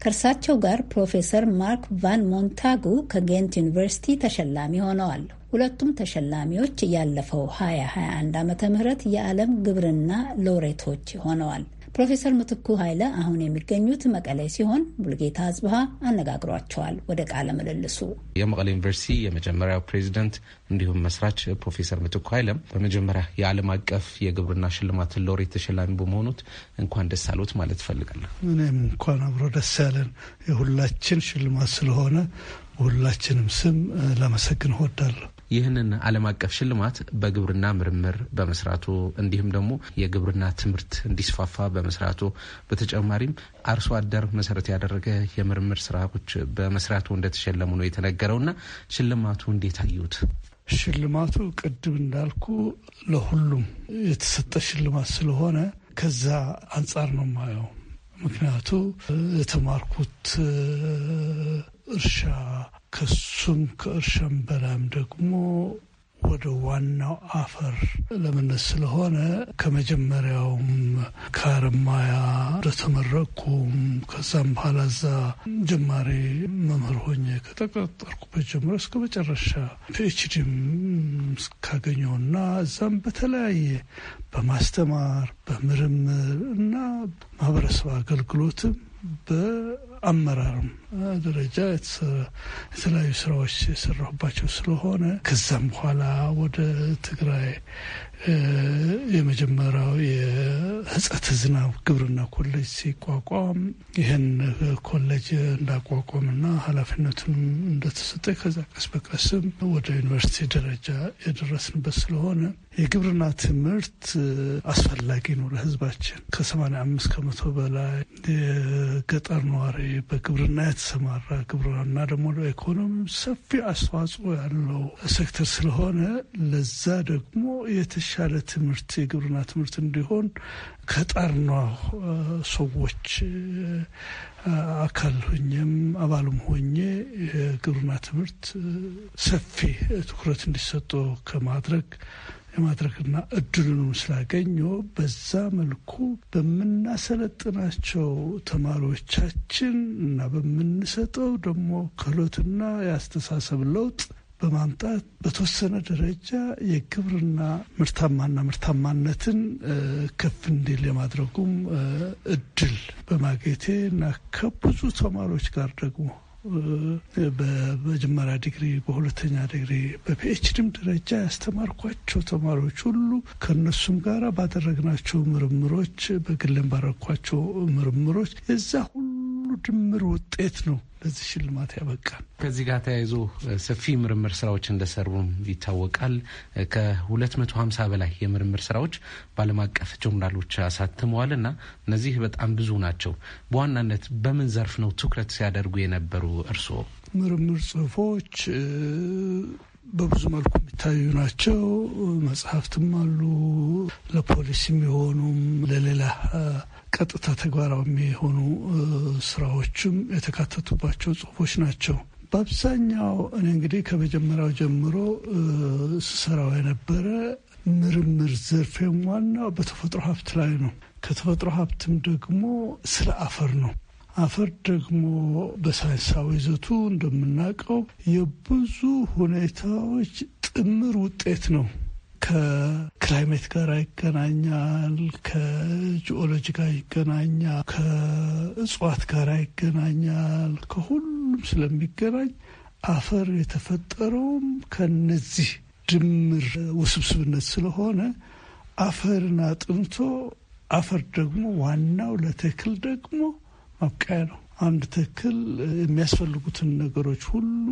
ከእርሳቸው ጋር ፕሮፌሰር ማርክ ቫን ሞንታጉ ከጌንት ዩኒቨርሲቲ ተሸላሚ ሆነዋል። ሁለቱም ተሸላሚዎች ያለፈው 2021 ዓ ም የዓለም ግብርና ሎሬቶች ሆነዋል። ፕሮፌሰር ምትኩ ኃይለ አሁን የሚገኙት መቀሌ ሲሆን ሙልጌታ አጽብሃ አነጋግሯቸዋል። ወደ ቃለ ምልልሱ የመቀሌ ዩኒቨርሲቲ የመጀመሪያው ፕሬዚደንት እንዲሁም መስራች ፕሮፌሰር ምትኩ ኃይለም በመጀመሪያ የዓለም አቀፍ የግብርና ሽልማትን ሎሬት ተሸላሚ በመሆኑት እንኳን ደስ አሉት ማለት እፈልጋለሁ። እኔም እንኳን አብሮ ደስ ያለን የሁላችን ሽልማት ስለሆነ በሁላችንም ስም ለመሰግን እወዳለሁ። ይህንን ዓለም አቀፍ ሽልማት በግብርና ምርምር በመስራቱ እንዲሁም ደግሞ የግብርና ትምህርት እንዲስፋፋ በመስራቱ በተጨማሪም አርሶ አደር መሰረት ያደረገ የምርምር ስራዎች በመስራቱ እንደተሸለሙ ነው የተነገረው እና ሽልማቱ እንዴት አዩት? ሽልማቱ ቅድም እንዳልኩ ለሁሉም የተሰጠ ሽልማት ስለሆነ ከዛ አንጻር ነው ማየው። ምክንያቱ የተማርኩት እርሻ ከሱም ከእርሻም በላም ደግሞ ወደ ዋናው አፈር ለመነት ስለሆነ ከመጀመሪያውም ከአረማያ እንደተመረቅኩም ከዛም በኋላ እዛ ጀማሪ መምህር ሆኜ ከተቀጠርኩበት ጀምሮ እስከ መጨረሻ ፒኤችዲም እና እዛም በተለያየ በማስተማር በምርምር እና ማህበረሰብ አገልግሎትም በ አመራርም ደረጃ የተለያዩ ስራዎች የሰራሁባቸው ስለሆነ ከዛም በኋላ ወደ ትግራይ የመጀመሪያው የህጸት ዝናብ ግብርና ኮሌጅ ሲቋቋም ይህን ኮሌጅ እንዳቋቋምና ኃላፊነቱን እንደተሰጠ ከዛ ቀስ በቀስም ወደ ዩኒቨርሲቲ ደረጃ የደረስንበት ስለሆነ የግብርና ትምህርት አስፈላጊ ነው ለህዝባችን። ከሰማንያ አምስት ከመቶ በላይ የገጠር ነዋሪ በግብርና የተሰማራ ግብርና ደግሞ ኢኮኖሚ ሰፊ አስተዋጽኦ ያለው ሴክተር ስለሆነ ለዛ ደግሞ የተሻለ ትምህርት የግብርና ትምህርት እንዲሆን ከጣርና ሰዎች አካል ሆኜም አባልም ሆኜ የግብርና ትምህርት ሰፊ ትኩረት እንዲሰጠው ከማድረግ የማድረግና እድሉን ስላገኘ በዛ መልኩ በምናሰለጥናቸው ተማሪዎቻችን እና በምንሰጠው ደግሞ ክህሎትና የአስተሳሰብ ለውጥ በማምጣት በተወሰነ ደረጃ የግብርና ምርታማና ምርታማነትን ከፍ እንዲል የማድረጉም እድል በማግኘቴ እና ከብዙ ተማሪዎች ጋር ደግሞ በመጀመሪያ ዲግሪ፣ በሁለተኛ ዲግሪ፣ በፒኤችዲም ደረጃ ያስተማርኳቸው ተማሪዎች ሁሉ ከነሱም ጋር ባደረግናቸው ምርምሮች፣ በግሌም ባረኳቸው ምርምሮች የዛ ሁሉ ድምር ውጤት ነው ለዚህ ሽልማት ያበቃል። ከዚህ ጋር ተያይዞ ሰፊ ምርምር ስራዎች እንደሰሩም ይታወቃል። ከ250 በላይ የምርምር ስራዎች በዓለም አቀፍ ጆርናሎች አሳትመዋል እና እነዚህ በጣም ብዙ ናቸው። በዋናነት በምን ዘርፍ ነው ትኩረት ሲያደርጉ የነበሩ እርስዎ? ምርምር ጽሁፎች በብዙ መልኩ የሚታዩ ናቸው። መጽሐፍትም አሉ ለፖሊሲ የሚሆኑም ለሌላ ቀጥታ ተግባራዊ የሆኑ ስራዎችም የተካተቱባቸው ጽሁፎች ናቸው። በአብዛኛው እኔ እንግዲህ ከመጀመሪያው ጀምሮ ስሰራው የነበረ ምርምር ዘርፌም ዋናው በተፈጥሮ ሀብት ላይ ነው። ከተፈጥሮ ሀብትም ደግሞ ስለ አፈር ነው። አፈር ደግሞ በሳይንሳዊ ይዘቱ እንደምናውቀው የብዙ ሁኔታዎች ጥምር ውጤት ነው። ከክላይሜት ጋር ይገናኛል፣ ከጂኦሎጂ ጋር ይገናኛል፣ ከእጽዋት ጋር ይገናኛል። ከሁሉም ስለሚገናኝ አፈር የተፈጠረውም ከነዚህ ድምር ውስብስብነት ስለሆነ አፈርን አጥንቶ አፈር ደግሞ ዋናው ለተክል ደግሞ ማብቃያ ነው። አንድ ተክል የሚያስፈልጉትን ነገሮች ሁሉ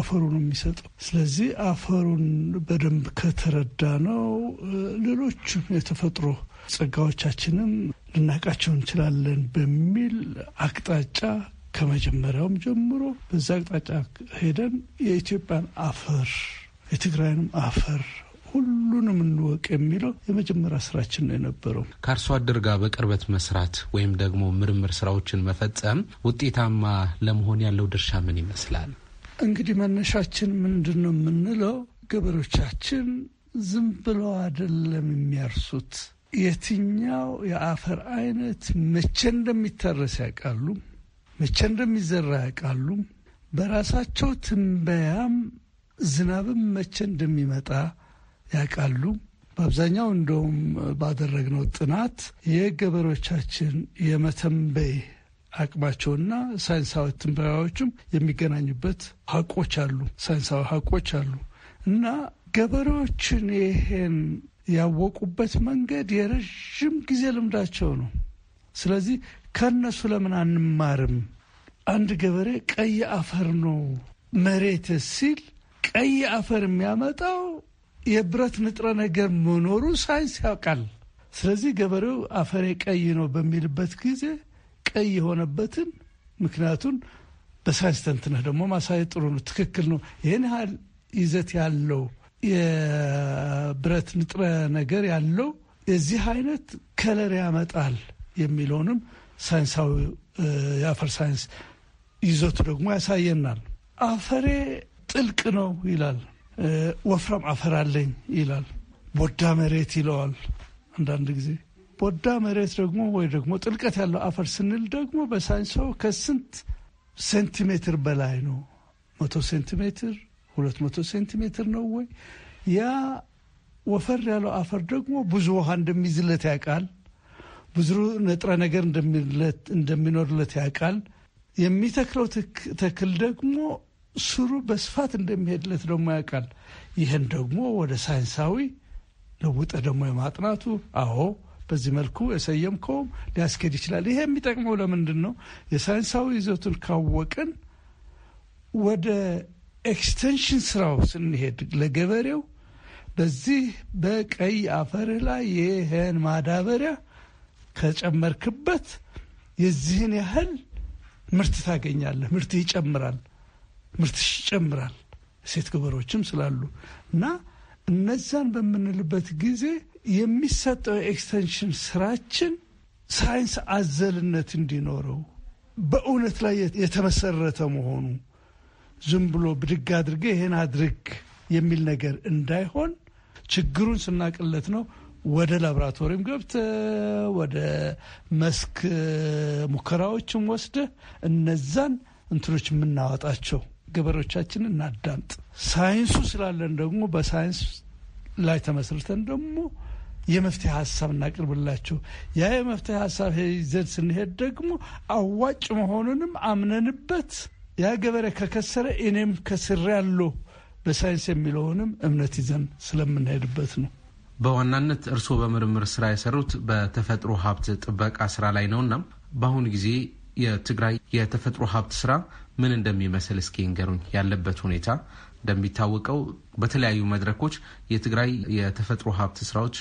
አፈሩ ነው የሚሰጠው። ስለዚህ አፈሩን በደንብ ከተረዳ ነው ሌሎችም የተፈጥሮ ጸጋዎቻችንም ልናቃቸው እንችላለን በሚል አቅጣጫ ከመጀመሪያውም ጀምሮ በዛ አቅጣጫ ሄደን የኢትዮጵያን አፈር የትግራይንም አፈር ሁሉንም እንወቅ የሚለው የመጀመሪያ ስራችን ነው የነበረው። ከአርሶ አደር ጋር በቅርበት መስራት ወይም ደግሞ ምርምር ስራዎችን መፈጸም ውጤታማ ለመሆን ያለው ድርሻ ምን ይመስላል? እንግዲህ መነሻችን ምንድን ነው የምንለው ገበሬዎቻችን ዝም ብለው አይደለም የሚያርሱት። የትኛው የአፈር አይነት መቼ እንደሚታረስ ያውቃሉ፣ መቼ እንደሚዘራ ያውቃሉ። በራሳቸው ትንበያም ዝናብም መቼ እንደሚመጣ ያውቃሉ። በአብዛኛው እንደውም ባደረግነው ጥናት የገበሬዎቻችን የመተንበይ አቅማቸውና ሳይንሳዊ ትንበያዎችም የሚገናኙበት ሀቆች አሉ፣ ሳይንሳዊ ሀቆች አሉ እና ገበሬዎችን ይሄን ያወቁበት መንገድ የረዥም ጊዜ ልምዳቸው ነው። ስለዚህ ከነሱ ለምን አንማርም? አንድ ገበሬ ቀይ አፈር ነው መሬት ሲል ቀይ አፈር የሚያመጣው የብረት ንጥረ ነገር መኖሩ ሳይንስ ያውቃል። ስለዚህ ገበሬው አፈሬ ቀይ ነው በሚልበት ጊዜ ቀይ የሆነበትን ምክንያቱን በሳይንስ ተንትነህ ደግሞ ማሳየት ጥሩ ነው። ትክክል ነው። ይህን ያህል ይዘት ያለው የብረት ንጥረ ነገር ያለው የዚህ አይነት ከለር ያመጣል የሚለውንም ሳይንሳዊ የአፈር ሳይንስ ይዘቱ ደግሞ ያሳየናል። አፈሬ ጥልቅ ነው ይላል። ወፍራም አፈር አለኝ ይላል። ቦዳ መሬት ይለዋል። አንዳንድ ጊዜ ቦዳ መሬት ደግሞ ወይ ደግሞ ጥልቀት ያለው አፈር ስንል ደግሞ በሳይንሰው ከስንት ሴንቲሜትር በላይ ነው? መቶ ሴንቲሜትር ሁለት መቶ ሴንቲሜትር ነው ወይ? ያ ወፈር ያለው አፈር ደግሞ ብዙ ውሃ እንደሚይዝለት ያውቃል። ብዙ ንጥረ ነገር እንደሚኖርለት ያውቃል። የሚተክለው ተክል ደግሞ ስሩ በስፋት እንደሚሄድለት ደግሞ ያውቃል። ይህን ደግሞ ወደ ሳይንሳዊ ለውጠ ደግሞ የማጥናቱ አዎ በዚህ መልኩ የሰየምከውም ሊያስኬድ ይችላል። ይሄ የሚጠቅመው ለምንድን ነው? የሳይንሳዊ ይዘቱን ካወቅን ወደ ኤክስቴንሽን ስራው ስንሄድ ለገበሬው በዚህ በቀይ አፈር ላይ ይህን ማዳበሪያ ከጨመርክበት የዚህን ያህል ምርት ታገኛለህ፣ ምርት ይጨምራል። ምርትሽ ይጨምራል። ሴት ግበሮችም ስላሉ እና እነዛን በምንልበት ጊዜ የሚሰጠው የኤክስቴንሽን ስራችን ሳይንስ አዘልነት እንዲኖረው በእውነት ላይ የተመሰረተ መሆኑ ዝም ብሎ ብድግ አድርገ ይህን አድርግ የሚል ነገር እንዳይሆን ችግሩን ስናቅለት ነው። ወደ ላብራቶሪም ገብተ ወደ መስክ ሙከራዎችም ወስደህ እነዛን እንትኖች የምናወጣቸው ገበሬዎቻችንን እናዳምጥ። ሳይንሱ ስላለን ደግሞ በሳይንስ ላይ ተመስርተን ደግሞ የመፍትሄ ሀሳብ እናቅርብላቸው። ያ የመፍትሄ ሀሳብ ይዘን ስንሄድ ደግሞ አዋጭ መሆኑንም አምነንበት ያ ገበሬ ከከሰረ እኔም ከስሬ ያለ በሳይንስ የሚለውንም እምነት ይዘን ስለምንሄድበት ነው። በዋናነት እርስዎ በምርምር ስራ የሰሩት በተፈጥሮ ሀብት ጥበቃ ስራ ላይ ነውና በአሁኑ ጊዜ የትግራይ የተፈጥሮ ሀብት ስራ ምን እንደሚመስል እስኪ ንገሩኝ። ያለበት ሁኔታ እንደሚታወቀው በተለያዩ መድረኮች የትግራይ የተፈጥሮ ሀብት ስራዎች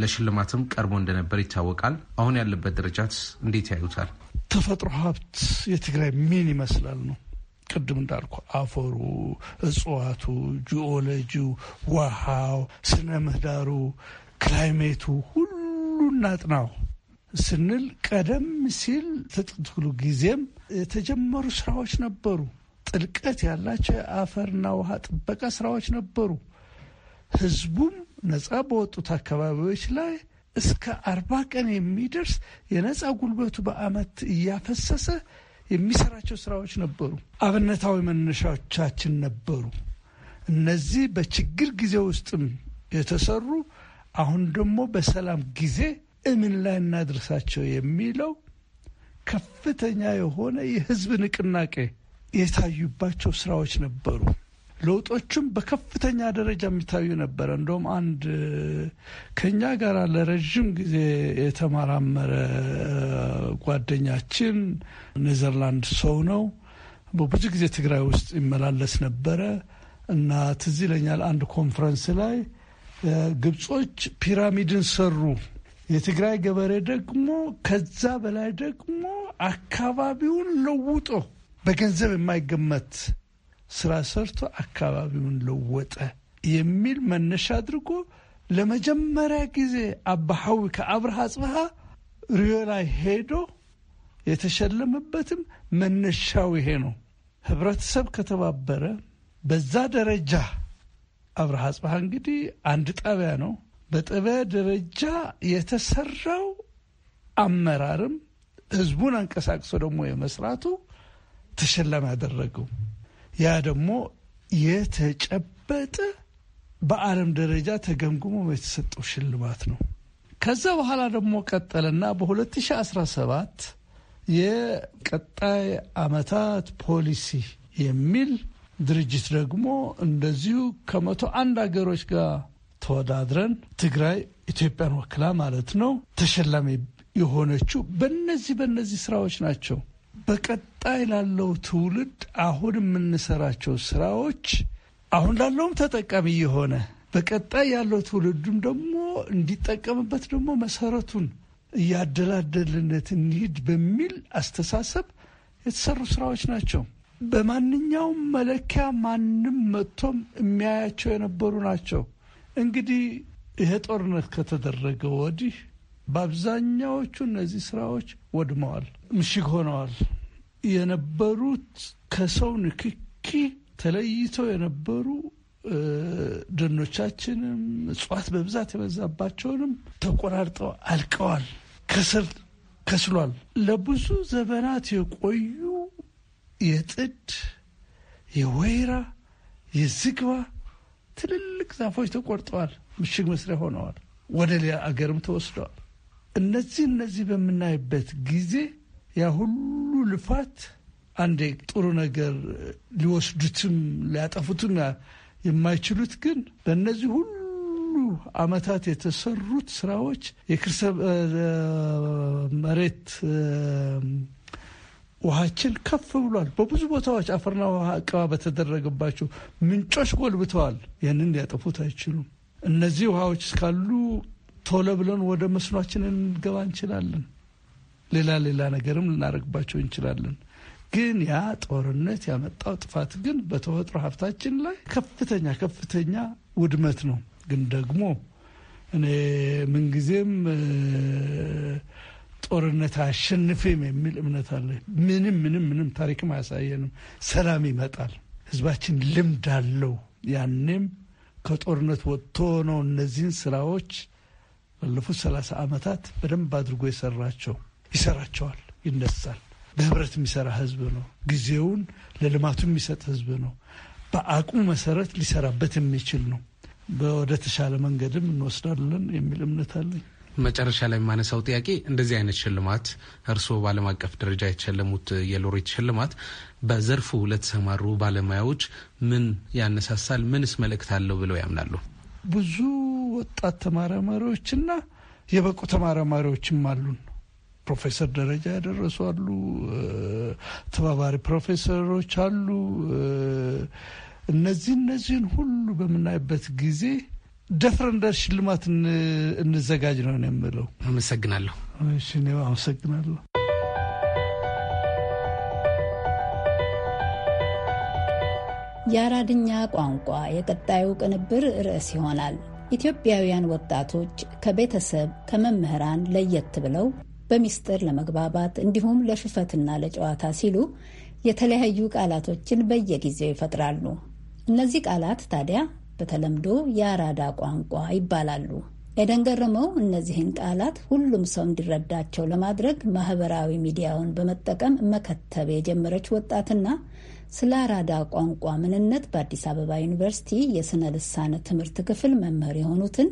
ለሽልማትም ቀርቦ እንደነበር ይታወቃል። አሁን ያለበት ደረጃት እንዴት ያዩታል? ተፈጥሮ ሀብት የትግራይ ምን ይመስላል ነው ቅድም እንዳልኩ አፈሩ፣ እጽዋቱ፣ ጂኦሎጂው፣ ውሃው፣ ስነ ምህዳሩ፣ ክላይሜቱ ሁሉ እናጥናው ስንል ቀደም ሲል ተጥንት ጊዜም የተጀመሩ ስራዎች ነበሩ። ጥልቀት ያላቸው የአፈርና ውሃ ጥበቃ ስራዎች ነበሩ። ህዝቡም ነፃ በወጡት አካባቢዎች ላይ እስከ አርባ ቀን የሚደርስ የነፃ ጉልበቱ በአመት እያፈሰሰ የሚሰራቸው ስራዎች ነበሩ። አብነታዊ መነሻዎቻችን ነበሩ። እነዚህ በችግር ጊዜ ውስጥም የተሰሩ አሁን ደግሞ በሰላም ጊዜ እምን ላይ እናድርሳቸው የሚለው ከፍተኛ የሆነ የህዝብ ንቅናቄ የታዩባቸው ስራዎች ነበሩ። ለውጦቹም በከፍተኛ ደረጃ የሚታዩ ነበረ። እንደውም አንድ ከኛ ጋር ለረዥም ጊዜ የተመራመረ ጓደኛችን ኔዘርላንድ ሰው ነው። በብዙ ጊዜ ትግራይ ውስጥ ይመላለስ ነበረ እና ትዝ ይለኛል አንድ ኮንፈረንስ ላይ ግብጾች ፒራሚድን ሰሩ የትግራይ ገበሬ ደግሞ ከዛ በላይ ደግሞ አካባቢውን ለውጦ በገንዘብ የማይገመት ስራ ሰርቶ አካባቢውን ለወጠ የሚል መነሻ አድርጎ ለመጀመሪያ ጊዜ አባሐዊ ከአብርሃ ጽብሃ ሪዮ ላይ ሄዶ የተሸለመበትም መነሻው ይሄ ነው። ህብረተሰብ ከተባበረ በዛ ደረጃ አብርሃ ጽብሃ እንግዲህ አንድ ጣቢያ ነው በጥበ ደረጃ የተሰራው አመራርም ህዝቡን አንቀሳቅሶ ደግሞ የመስራቱ ተሸላሚ ያደረገው ያ ደግሞ የተጨበጠ በዓለም ደረጃ ተገምግሞ የተሰጠው ሽልማት ነው። ከዛ በኋላ ደግሞ ቀጠለና በ2017 የቀጣይ ዓመታት ፖሊሲ የሚል ድርጅት ደግሞ እንደዚሁ ከመቶ አንድ ሀገሮች ጋር ተወዳድረን ትግራይ ኢትዮጵያን ወክላ ማለት ነው ተሸላሚ የሆነችው በነዚህ በነዚህ ስራዎች ናቸው። በቀጣይ ላለው ትውልድ አሁን የምንሰራቸው ስራዎች አሁን ላለውም ተጠቃሚ የሆነ በቀጣይ ያለው ትውልዱም ደግሞ እንዲጠቀምበት ደግሞ መሰረቱን እያደላደልነት እንሂድ በሚል አስተሳሰብ የተሰሩ ስራዎች ናቸው። በማንኛውም መለኪያ ማንም መጥቶም የሚያያቸው የነበሩ ናቸው። እንግዲህ ይሄ ጦርነት ከተደረገ ወዲህ በአብዛኛዎቹ እነዚህ ስራዎች ወድመዋል፣ ምሽግ ሆነዋል። የነበሩት ከሰው ንክኪ ተለይተው የነበሩ ደኖቻችንም እጽዋት በብዛት የበዛባቸውንም ተቆራርጠው አልቀዋል። ከስር ከስሏል። ለብዙ ዘመናት የቆዩ የጥድ፣ የወይራ፣ የዝግባ ትልልቅ ዛፎች ተቆርጠዋል፣ ምሽግ መስሪያ ሆነዋል፣ ወደ ሌላ አገርም ተወስደዋል። እነዚህ እነዚህ በምናይበት ጊዜ ያ ሁሉ ልፋት አንዴ ጥሩ ነገር ሊወስዱትም ሊያጠፉትም የማይችሉት ግን በእነዚህ ሁሉ ዓመታት የተሰሩት ስራዎች የክርሰ መሬት ውሃችን ከፍ ብሏል። በብዙ ቦታዎች አፈርና ውሃ እቀባ በተደረገባቸው ምንጮች ጎልብተዋል። ይህንን ሊያጠፉት አይችሉም። እነዚህ ውሃዎች እስካሉ ቶሎ ብለን ወደ መስኗችን እንገባ እንችላለን። ሌላ ሌላ ነገርም ልናደርግባቸው እንችላለን። ግን ያ ጦርነት ያመጣው ጥፋት ግን በተፈጥሮ ሀብታችን ላይ ከፍተኛ ከፍተኛ ውድመት ነው። ግን ደግሞ እኔ ምንጊዜም ጦርነት አያሸንፍም የሚል እምነት አለ። ምንም ምንም ምንም ታሪክም አያሳየንም። ሰላም ይመጣል። ህዝባችን ልምድ አለው። ያኔም ከጦርነት ወጥቶ ነው እነዚህን ስራዎች ባለፉት ሰላሳ ዓመታት በደንብ አድርጎ የሰራቸው ይሰራቸዋል። ይነሳል። በህብረት የሚሰራ ህዝብ ነው። ጊዜውን ለልማቱ የሚሰጥ ህዝብ ነው። በአቅሙ መሰረት ሊሰራበት የሚችል ነው። ወደ ተሻለ መንገድም እንወስዳለን የሚል እምነት አለኝ። መጨረሻ ላይ የማነሳው ጥያቄ እንደዚህ አይነት ሽልማት እርስዎ በዓለም አቀፍ ደረጃ የተሸለሙት የሎሬት ሽልማት በዘርፉ ለተሰማሩ ባለሙያዎች ምን ያነሳሳል? ምንስ መልእክት አለው ብለው ያምናሉ? ብዙ ወጣት ተመራማሪዎችና የበቁ ተመራማሪዎችም አሉን። ፕሮፌሰር ደረጃ ያደረሱ አሉ፣ ተባባሪ ፕሮፌሰሮች አሉ። እነዚህ እነዚህን ሁሉ በምናይበት ጊዜ እንደ ሽልማት እንዘጋጅ ነው የምለው። አመሰግናለሁ። አመሰግናለሁ። የአራድኛ ቋንቋ የቀጣዩ ቅንብር ርዕስ ይሆናል። ኢትዮጵያውያን ወጣቶች ከቤተሰብ ከመምህራን ለየት ብለው በሚስጥር ለመግባባት እንዲሁም ለሽፈትና ለጨዋታ ሲሉ የተለያዩ ቃላቶችን በየጊዜው ይፈጥራሉ። እነዚህ ቃላት ታዲያ በተለምዶ የአራዳ ቋንቋ ይባላሉ። ኤደን ገረመው እነዚህን ቃላት ሁሉም ሰው እንዲረዳቸው ለማድረግ ማህበራዊ ሚዲያውን በመጠቀም መከተብ የጀመረች ወጣትና ስለ አራዳ ቋንቋ ምንነት በአዲስ አበባ ዩኒቨርሲቲ የስነ ልሳነ ትምህርት ክፍል መምህር የሆኑትን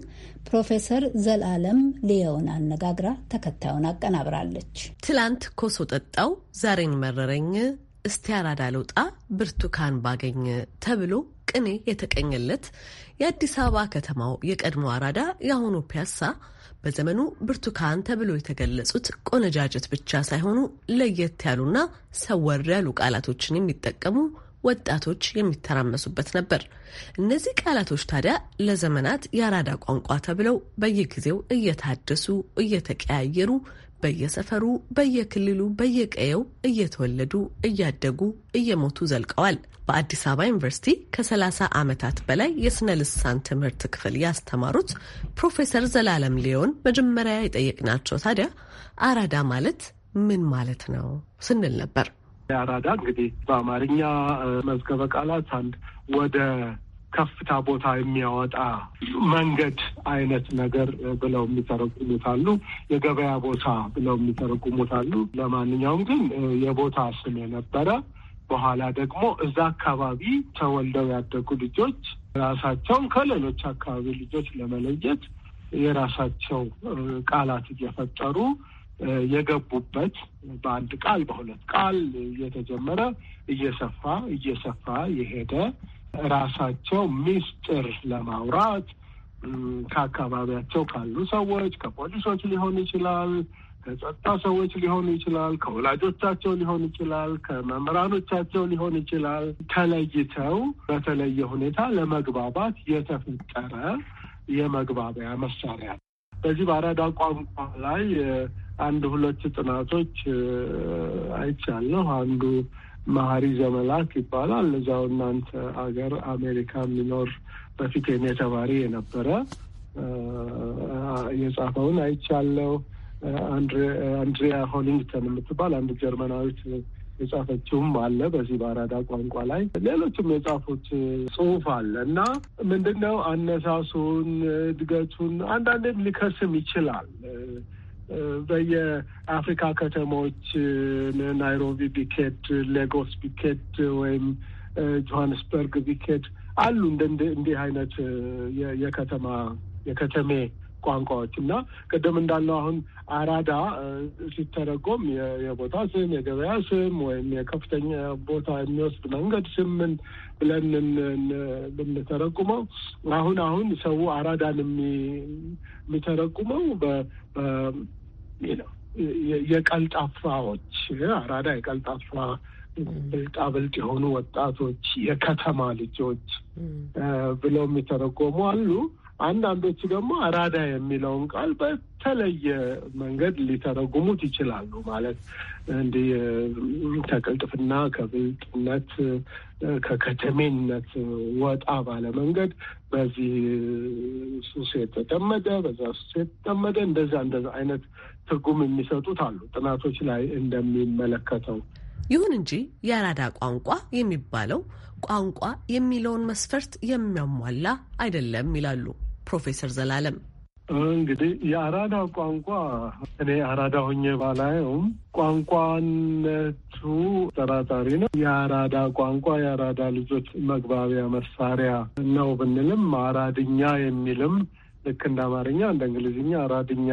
ፕሮፌሰር ዘላለም ልየውን አነጋግራ ተከታዩን አቀናብራለች። ትላንት ኮሶ ጠጣው ዛሬን መረረኝ፣ እስቲ አራዳ ልውጣ ብርቱካን ባገኝ ተብሎ ቅኔ የተቀኘለት የአዲስ አበባ ከተማው የቀድሞ አራዳ የአሁኑ ፒያሳ በዘመኑ ብርቱካን ተብሎ የተገለጹት ቆነጃጀት ብቻ ሳይሆኑ ለየት ያሉና ሰወር ያሉ ቃላቶችን የሚጠቀሙ ወጣቶች የሚተራመሱበት ነበር። እነዚህ ቃላቶች ታዲያ ለዘመናት የአራዳ ቋንቋ ተብለው በየጊዜው እየታደሱ እየተቀያየሩ በየሰፈሩ፣ በየክልሉ፣ በየቀየው እየተወለዱ እያደጉ እየሞቱ ዘልቀዋል። በአዲስ አበባ ዩኒቨርሲቲ ከ30 ዓመታት በላይ የስነ ልሳን ትምህርት ክፍል ያስተማሩት ፕሮፌሰር ዘላለም ሊዮን መጀመሪያ የጠየቅናቸው ታዲያ አራዳ ማለት ምን ማለት ነው ስንል ነበር። አራዳ እንግዲህ በአማርኛ መዝገበ ቃላት አንድ ወደ ከፍታ ቦታ የሚያወጣ መንገድ አይነት ነገር ብለው የሚተረጉሙት አሉ። የገበያ ቦታ ብለው የሚተረጉሙት አሉ። ለማንኛውም ግን የቦታ ስም የነበረ በኋላ ደግሞ እዛ አካባቢ ተወልደው ያደጉ ልጆች ራሳቸውን ከሌሎች አካባቢ ልጆች ለመለየት የራሳቸው ቃላት እየፈጠሩ የገቡበት በአንድ ቃል በሁለት ቃል እየተጀመረ እየሰፋ እየሰፋ የሄደ ራሳቸው ሚስጥር ለማውራት ከአካባቢያቸው ካሉ ሰዎች ከፖሊሶች ሊሆን ይችላል፣ ከጸጥታ ሰዎች ሊሆን ይችላል፣ ከወላጆቻቸው ሊሆን ይችላል፣ ከመምህራኖቻቸው ሊሆን ይችላል ተለይተው በተለየ ሁኔታ ለመግባባት የተፈጠረ የመግባቢያ መሳሪያ ነው። በዚህ በአራዳ ቋንቋ ላይ አንድ ሁለት ጥናቶች አይቻለሁ። አንዱ መሀሪ ዘመላክ ይባላል። እዛው እናንተ አገር አሜሪካ የሚኖር በፊት የኔ ተማሪ የነበረ የጻፈውን አይቻለው። አንድሪያ ሆሊንግተን የምትባል አንድ ጀርመናዊት የጻፈችውም አለ በዚህ በአራዳ ቋንቋ ላይ ሌሎችም የጻፉት ጽሁፍ አለ እና ምንድን ነው አነሳሱን፣ እድገቱን አንዳንዴም ሊከስም ይችላል። በየአፍሪካ ከተሞች ናይሮቢ ቢኬት፣ ሌጎስ ቢኬት ወይም ጆሀንስበርግ ቢኬት አሉ እንደ እንዲህ አይነት የከተማ የከተሜ ቋንቋዎች እና ቅድም እንዳለው አሁን አራዳ ሲተረጎም የቦታ ስም፣ የገበያ ስም ወይም የከፍተኛ ቦታ የሚወስድ መንገድ ስም ብለን ብንተረጉመው አሁን አሁን ሰው አራዳን የሚተረጉመው የቀልጣፋዎች አራዳ የቀልጣፋ ብልጣብልጥ የሆኑ ወጣቶች፣ የከተማ ልጆች ብለው የሚተረጎሙ አሉ። አንዳንዶቹ ደግሞ አራዳ የሚለውን ቃል በተለየ መንገድ ሊተረጉሙት ይችላሉ። ማለት እንዲህ ከቅልጥፍና ከብልጥነት ከከተሜነት ወጣ ባለ መንገድ በዚህ ሱስ የተጠመደ በዛ ሱስ የተጠመደ እንደዛ እንደዛ አይነት ትርጉም የሚሰጡት አሉ ጥናቶች ላይ እንደሚመለከተው። ይሁን እንጂ የአራዳ ቋንቋ የሚባለው ቋንቋ የሚለውን መስፈርት የሚያሟላ አይደለም ይላሉ። ፕሮፌሰር ዘላለም እንግዲህ የአራዳ ቋንቋ እኔ አራዳ ሆኜ ባላየውም ቋንቋነቱ ጠራጣሪ ነው። የአራዳ ቋንቋ የአራዳ ልጆች መግባቢያ መሳሪያ ነው ብንልም አራድኛ የሚልም ልክ እንደ አማርኛ እንደ እንግሊዝኛ አራድኛ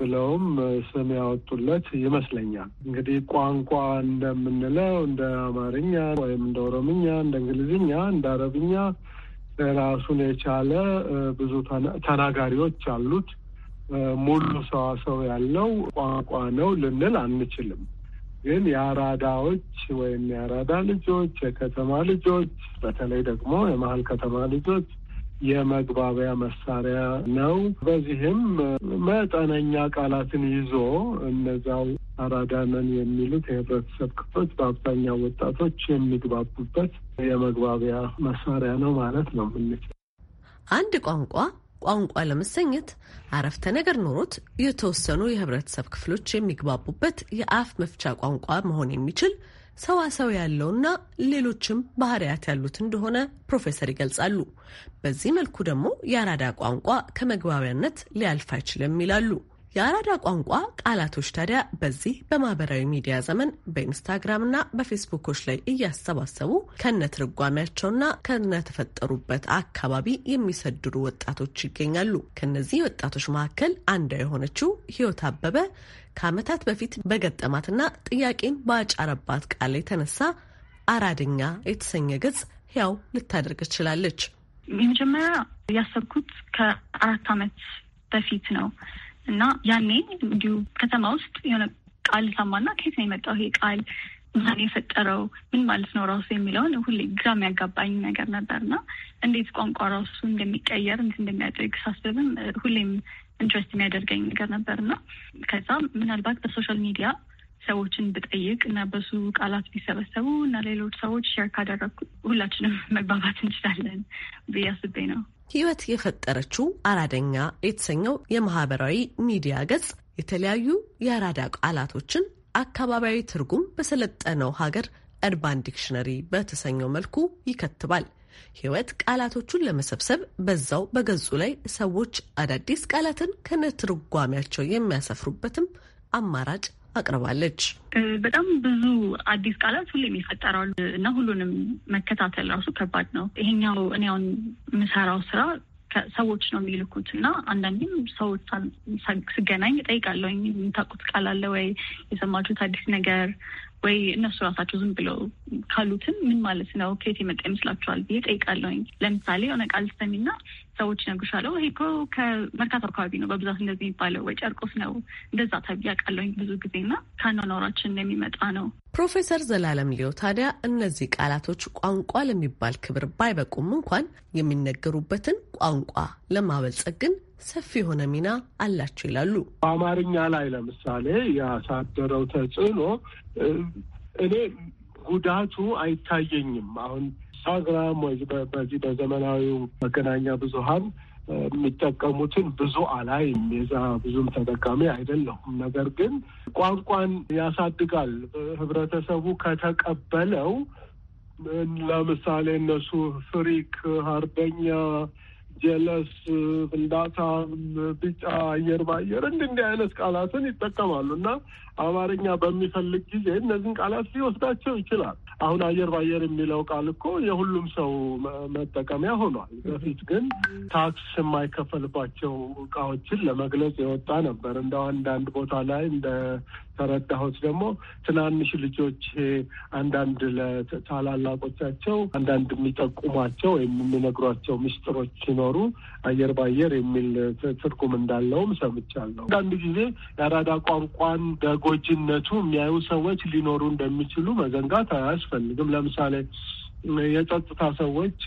ብለውም ስም ያወጡለት ይመስለኛል። እንግዲህ ቋንቋ እንደምንለው እንደ አማርኛ ወይም እንደ ኦሮምኛ፣ እንደ እንግሊዝኛ፣ እንደ አረብኛ ራሱን የቻለ ብዙ ተናጋሪዎች አሉት። ሙሉ ሰዋሰው ያለው ቋንቋ ነው ልንል አንችልም። ግን የአራዳዎች ወይም የአራዳ ልጆች፣ የከተማ ልጆች፣ በተለይ ደግሞ የመሀል ከተማ ልጆች የመግባቢያ መሳሪያ ነው። በዚህም መጠነኛ ቃላትን ይዞ እነዛው አራዳነን የሚሉት የህብረተሰብ ክፍሎች በአብዛኛው ወጣቶች የሚግባቡበት የመግባቢያ መሳሪያ ነው ማለት ነው። ምንችል አንድ ቋንቋ ቋንቋ ለመሰኘት አረፍተ ነገር ኖሮት የተወሰኑ የህብረተሰብ ክፍሎች የሚግባቡበት የአፍ መፍቻ ቋንቋ መሆን የሚችል ሰዋሰው ያለውና ሌሎችም ባህሪያት ያሉት እንደሆነ ፕሮፌሰር ይገልጻሉ። በዚህ መልኩ ደግሞ የአራዳ ቋንቋ ከመግባቢያነት ሊያልፍ አይችልም ይላሉ። የአራዳ ቋንቋ ቃላቶች ታዲያ በዚህ በማህበራዊ ሚዲያ ዘመን በኢንስታግራም እና በፌስቡኮች ላይ እያሰባሰቡ ከነ ከነተፈጠሩበት አካባቢ የሚሰድሩ ወጣቶች ይገኛሉ። ከነዚህ ወጣቶች መካከል አንዷ የሆነችው ህይወት አበበ ከዓመታት በፊት በገጠማትና ጥያቄን በአጫረባት ቃል የተነሳ አራድኛ የተሰኘ ገጽ ያው ልታደርግ ትችላለች። የመጀመሪያ ያሰብኩት ከአራት ዓመት በፊት ነው እና ያኔ እንዲሁ ከተማ ውስጥ የሆነ ቃል ሰማና ከየት ነው የመጣው ይሄ ቃል ማን የፈጠረው ምን ማለት ነው ራሱ የሚለውን ሁሌ ግራ የሚያጋባኝ ነገር ነበርና እንዴት ቋንቋ ራሱ እንደሚቀየር እንት እንደሚያደርግ ሳስብም ሁሌም ኢንትረስት የሚያደርገኝ ነገር ነበርና ከዛ ምናልባት በሶሻል ሚዲያ ሰዎችን ብጠይቅ እና በሱ ቃላት ቢሰበሰቡ እና ሌሎች ሰዎች ሼር ካደረግኩ ሁላችንም መግባባት እንችላለን ብዬ አስቤ ነው። ህይወት የፈጠረችው አራደኛ የተሰኘው የማህበራዊ ሚዲያ ገጽ የተለያዩ የአራዳ ቃላቶችን አካባቢያዊ ትርጉም በሰለጠነው ሀገር እርባን ዲክሽነሪ በተሰኘው መልኩ ይከትባል። ህይወት ቃላቶቹን ለመሰብሰብ በዛው በገጹ ላይ ሰዎች አዳዲስ ቃላትን ከነትርጓሚያቸው የሚያሰፍሩበትም አማራጭ አቅርባለች። በጣም ብዙ አዲስ ቃላት ሁሌም ይፈጠራሉ እና ሁሉንም መከታተል ራሱ ከባድ ነው። ይሄኛው እኔ አሁን የምሰራው ስራ ሰዎች ነው የሚልኩት እና አንዳንዴም ሰዎች ስገናኝ እጠይቃለሁ የምታውቁት ቃል አለ ወይ? የሰማችሁት አዲስ ነገር ወይ እነሱ ራሳቸው ዝም ብለው ካሉትም ምን ማለት ነው ከየት የመጣ ይመስላችኋል ብዬ ጠይቃለሁኝ። ለምሳሌ የሆነ ቃል ስተሚና ሰዎች ይነግሩሻል። ይሄ እኮ ከመርካቶ አካባቢ ነው በብዛት እንደዚህ የሚባለው ወይ ጨርቆስ ነው እንደዛ ታቢ ያውቃለሁኝ ብዙ ጊዜና ከአኗኗራችን የሚመጣ ነው። ፕሮፌሰር ዘላለም ሊዮ ታዲያ እነዚህ ቃላቶች ቋንቋ ለሚባል ክብር ባይበቁም እንኳን የሚነገሩበትን ቋንቋ ለማበልጸግ ግን ሰፊ የሆነ ሚና አላቸው ይላሉ። በአማርኛ ላይ ለምሳሌ ያሳደረው ተጽዕኖ እኔ ጉዳቱ አይታየኝም። አሁን ኢንስታግራም ወይ በዚህ በዘመናዊው መገናኛ ብዙኃን የሚጠቀሙትን ብዙ አላይም። የዛ ብዙም ተጠቃሚ አይደለሁም። ነገር ግን ቋንቋን ያሳድጋል። ህብረተሰቡ ከተቀበለው ለምሳሌ እነሱ ፍሪክ፣ አርበኛ ጀለስ፣ ፍንዳታ፣ ቢጫ፣ አየር ባየር እንዲ እንዲህ አይነት ቃላትን ይጠቀማሉ እና አማርኛ በሚፈልግ ጊዜ እነዚህን ቃላት ሊወስዳቸው ይችላል። አሁን አየር ባየር የሚለው ቃል እኮ የሁሉም ሰው መጠቀሚያ ሆኗል። በፊት ግን ታክስ የማይከፈልባቸው እቃዎችን ለመግለጽ የወጣ ነበር። እንደው አንዳንድ ቦታ ላይ እንደ የተረዳሁት ደግሞ ትናንሽ ልጆች አንዳንድ ለታላላቆቻቸው አንዳንድ የሚጠቁሟቸው ወይም የሚነግሯቸው ምስጢሮች ሲኖሩ አየር ባየር የሚል ትርጉም እንዳለውም ሰምቻለሁ። አንዳንድ ጊዜ የአራዳ ቋንቋን በጎጅነቱ የሚያዩ ሰዎች ሊኖሩ እንደሚችሉ መዘንጋት አያስፈልግም። ለምሳሌ የጸጥታ ሰዎች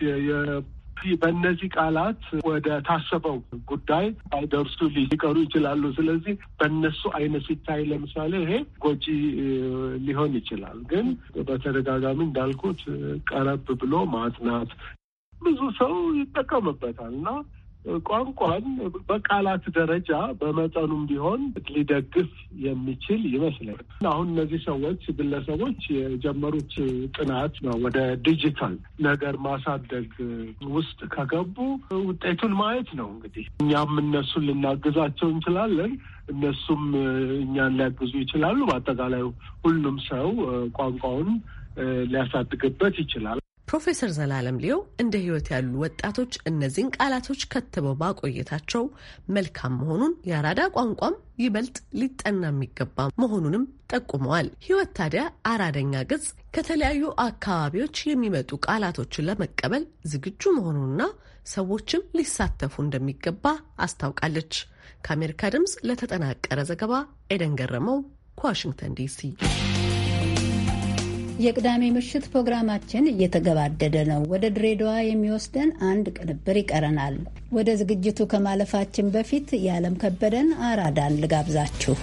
በእነዚህ ቃላት ወደ ታሰበው ጉዳይ አይደርሱ ሊቀሩ ይችላሉ። ስለዚህ በእነሱ አይነት ሲታይ ለምሳሌ ይሄ ጎጂ ሊሆን ይችላል። ግን በተደጋጋሚ እንዳልኩት ቀረብ ብሎ ማጥናት ብዙ ሰው ይጠቀምበታል እና ቋንቋን በቃላት ደረጃ በመጠኑም ቢሆን ሊደግፍ የሚችል ይመስላል። አሁን እነዚህ ሰዎች ግለሰቦች የጀመሩት ጥናት ነው። ወደ ዲጂታል ነገር ማሳደግ ውስጥ ከገቡ ውጤቱን ማየት ነው። እንግዲህ እኛም እነሱን ልናግዛቸው እንችላለን፣ እነሱም እኛን ሊያግዙ ይችላሉ። በአጠቃላይ ሁሉም ሰው ቋንቋውን ሊያሳድግበት ይችላል። ፕሮፌሰር ዘላለም ሊዮ እንደ ህይወት ያሉ ወጣቶች እነዚህን ቃላቶች ከትበው ማቆየታቸው መልካም መሆኑን የአራዳ ቋንቋም ይበልጥ ሊጠና የሚገባ መሆኑንም ጠቁመዋል። ህይወት ታዲያ አራደኛ ገጽ ከተለያዩ አካባቢዎች የሚመጡ ቃላቶችን ለመቀበል ዝግጁ መሆኑንና ሰዎችም ሊሳተፉ እንደሚገባ አስታውቃለች። ከአሜሪካ ድምፅ ለተጠናቀረ ዘገባ ኤደን ገረመው ከዋሽንግተን ዲሲ የቅዳሜ ምሽት ፕሮግራማችን እየተገባደደ ነው። ወደ ድሬዳዋ የሚወስደን አንድ ቅንብር ይቀረናል። ወደ ዝግጅቱ ከማለፋችን በፊት የዓለም ከበደን አራዳን ልጋብዛችሁ።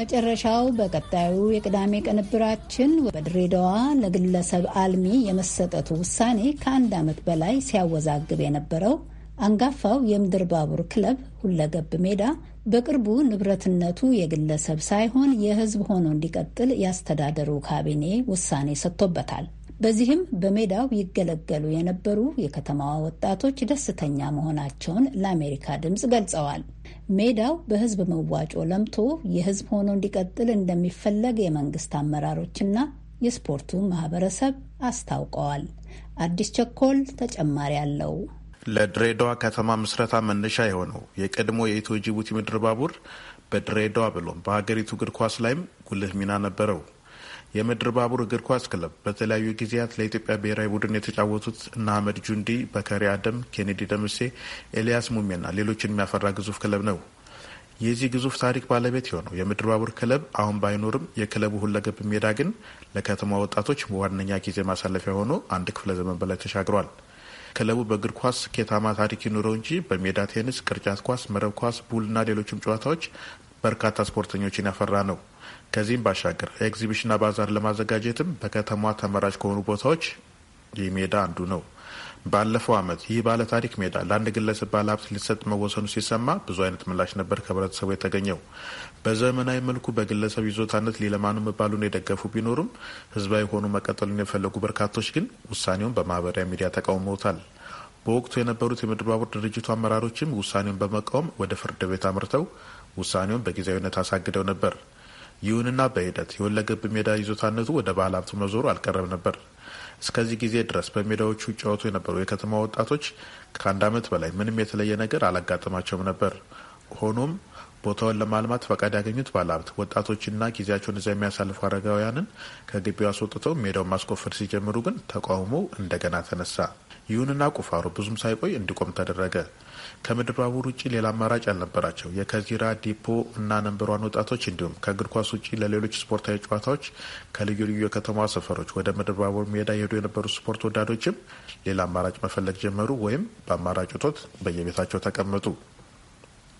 መጨረሻው በቀጣዩ የቅዳሜ ቅንብራችን በድሬዳዋ ለግለሰብ አልሚ የመሰጠቱ ውሳኔ ከአንድ ዓመት በላይ ሲያወዛግብ የነበረው አንጋፋው የምድር ባቡር ክለብ ሁለገብ ሜዳ በቅርቡ ንብረትነቱ የግለሰብ ሳይሆን የሕዝብ ሆኖ እንዲቀጥል ያስተዳደሩ ካቢኔ ውሳኔ ሰጥቶበታል። በዚህም በሜዳው ይገለገሉ የነበሩ የከተማዋ ወጣቶች ደስተኛ መሆናቸውን ለአሜሪካ ድምፅ ገልጸዋል። ሜዳው በህዝብ መዋጮ ለምቶ የህዝብ ሆኖ እንዲቀጥል እንደሚፈለግ የመንግስት አመራሮችና የስፖርቱ ማህበረሰብ አስታውቀዋል። አዲስ ቸኮል ተጨማሪ አለው። ለድሬዳዋ ከተማ ምስረታ መነሻ የሆነው የቀድሞ የኢትዮ ጅቡቲ ምድር ባቡር በድሬዳዋ ብሎም በሀገሪቱ እግር ኳስ ላይም ጉልህ ሚና ነበረው። የምድር ባቡር እግር ኳስ ክለብ በተለያዩ ጊዜያት ለኢትዮጵያ ብሔራዊ ቡድን የተጫወቱት እነ አህመድ ጁንዲ፣ በከሪ አደም፣ ኬኔዲ ደምሴ፣ ኤልያስ ሙሜና ሌሎችን የሚያፈራ ግዙፍ ክለብ ነው። የዚህ ግዙፍ ታሪክ ባለቤት የሆነው የምድር ባቡር ክለብ አሁን ባይኖርም የክለቡ ሁለገብ ሜዳ ግን ለከተማ ወጣቶች ዋነኛ ጊዜ ማሳለፊያ ሆኖ አንድ ክፍለ ዘመን በላይ ተሻግሯል። ክለቡ በእግር ኳስ ስኬታማ ታሪክ ይኑረው እንጂ በሜዳ ቴኒስ፣ ቅርጫት ኳስ፣ መረብ ኳስ፣ ቡልና ሌሎችም ጨዋታዎች በርካታ ስፖርተኞችን ያፈራ ነው። ከዚህም ባሻገር ኤግዚቢሽንና ባዛር ለማዘጋጀትም በከተማዋ ተመራጭ ከሆኑ ቦታዎች ይህ ሜዳ አንዱ ነው። ባለፈው ዓመት ይህ ባለ ታሪክ ሜዳ ለአንድ ግለሰብ ባለ ሀብት ሊሰጥ መወሰኑ ሲሰማ ብዙ አይነት ምላሽ ነበር ከህብረተሰቡ የተገኘው። በዘመናዊ መልኩ በግለሰብ ይዞታነት ሊለማኑ መባሉን የደገፉ ቢኖሩም ህዝባዊ ሆኑ መቀጠሉን የፈለጉ በርካቶች ግን ውሳኔውን በማህበራዊ ሚዲያ ተቃውመውታል። በወቅቱ የነበሩት የምድር ባቡር ድርጅቱ አመራሮችም ውሳኔውን በመቃወም ወደ ፍርድ ቤት አምርተው ውሳኔውን በጊዜያዊነት አሳግደው ነበር። ይሁንና በሂደት የወለገብ ሜዳ ይዞታነቱ ወደ ባህል ሀብት መዞሩ አልቀረም ነበር። እስከዚህ ጊዜ ድረስ በሜዳዎቹ ይጫወቱ የነበሩ የከተማ ወጣቶች ከአንድ ዓመት በላይ ምንም የተለየ ነገር አላጋጠማቸውም ነበር። ሆኖም ቦታውን ለማልማት ፈቃድ ያገኙት ባለሀብት ወጣቶችና ጊዜያቸውን እዚያ የሚያሳልፉ አረጋውያንን ከግቢው አስወጥተው ሜዳውን ማስቆፈር ሲጀምሩ ግን ተቃውሞ እንደገና ተነሳ። ይሁንና ቁፋሮ ብዙም ሳይቆይ እንዲቆም ተደረገ። ከምድር ባቡር ውጭ ሌላ አማራጭ አልነበራቸው። የከዚራ ዲፖ እና ነንበሯን ወጣቶች እንዲሁም ከእግር ኳስ ውጭ ለሌሎች ስፖርታዊ ጨዋታዎች ከልዩ ልዩ የከተማ ሰፈሮች ወደ ምድር ባቡር ሜዳ የሄዱ የነበሩ ስፖርት ወዳዶችም ሌላ አማራጭ መፈለግ ጀመሩ ወይም በአማራጭ እጦት በየቤታቸው ተቀመጡ።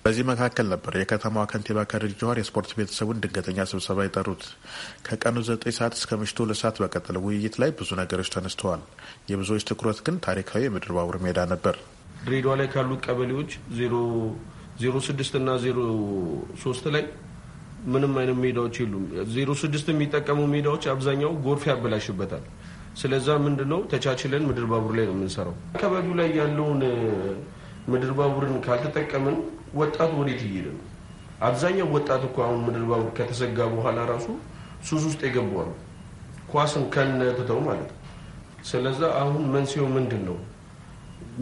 በዚህ መካከል ነበር የከተማዋ ከንቲባ ከድር ጀዋር የስፖርት ቤተሰቡን ድንገተኛ ስብሰባ የጠሩት። ከቀኑ ዘጠኝ ሰዓት እስከ ምሽቱ ሁለት ሰዓት በቀጠለው ውይይት ላይ ብዙ ነገሮች ተነስተዋል። የብዙዎች ትኩረት ግን ታሪካዊ የምድር ባቡር ሜዳ ነበር። ድሬዳዋ ላይ ካሉት ቀበሌዎች 06 ስድስት እና 03 ሶስት ላይ ምንም አይነት ሜዳዎች የሉም። 06 ስድስት የሚጠቀሙ ሜዳዎች አብዛኛው ጎርፍ ያበላሽበታል። ስለዛ ምንድነው ተቻችለን ምድር ባቡር ላይ ነው የምንሰራው። አካባቢው ላይ ያለውን ምድር ባቡርን ካልተጠቀምን ወጣቱ ወዴት እየሄደ ነው? አብዛኛው ወጣት እኮ አሁን ምድር ባቡር ከተዘጋ በኋላ ራሱ ሱስ ውስጥ የገባ ነው። ኳስን ከነትተው ማለት ነው። ስለዛ አሁን መንስኤው ምንድን ነው?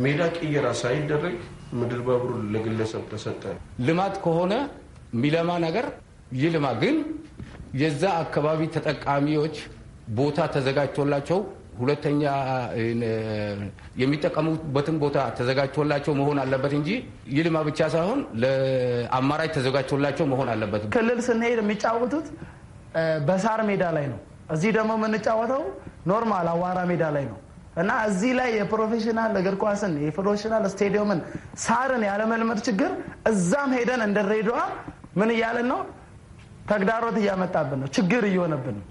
ሜዳ ቅየራ ሳይደረግ ምድር ባቡር ለግለሰብ ተሰጠ። ልማት ከሆነ የሚለማ ነገር ይልማ፣ ግን የዛ አካባቢ ተጠቃሚዎች ቦታ ተዘጋጅቶላቸው ሁለተኛ የሚጠቀሙበትን ቦታ ተዘጋጅቶላቸው መሆን አለበት እንጂ ይልማ ብቻ ሳይሆን ለአማራጭ ተዘጋጅቶላቸው መሆን አለበት። ክልል ስንሄድ የሚጫወቱት በሳር ሜዳ ላይ ነው። እዚህ ደግሞ የምንጫወተው ኖርማል አዋራ ሜዳ ላይ ነው። እና እዚህ ላይ የፕሮፌሽናል እግር ኳስን የፕሮፌሽናል ስቴዲየምን ሳርን ያለመልመድ ችግር እዛም ሄደን እንደ ሬድዋ ምን እያለን ነው? ተግዳሮት እያመጣብን ነው፣ ችግር እየሆነብን ነው።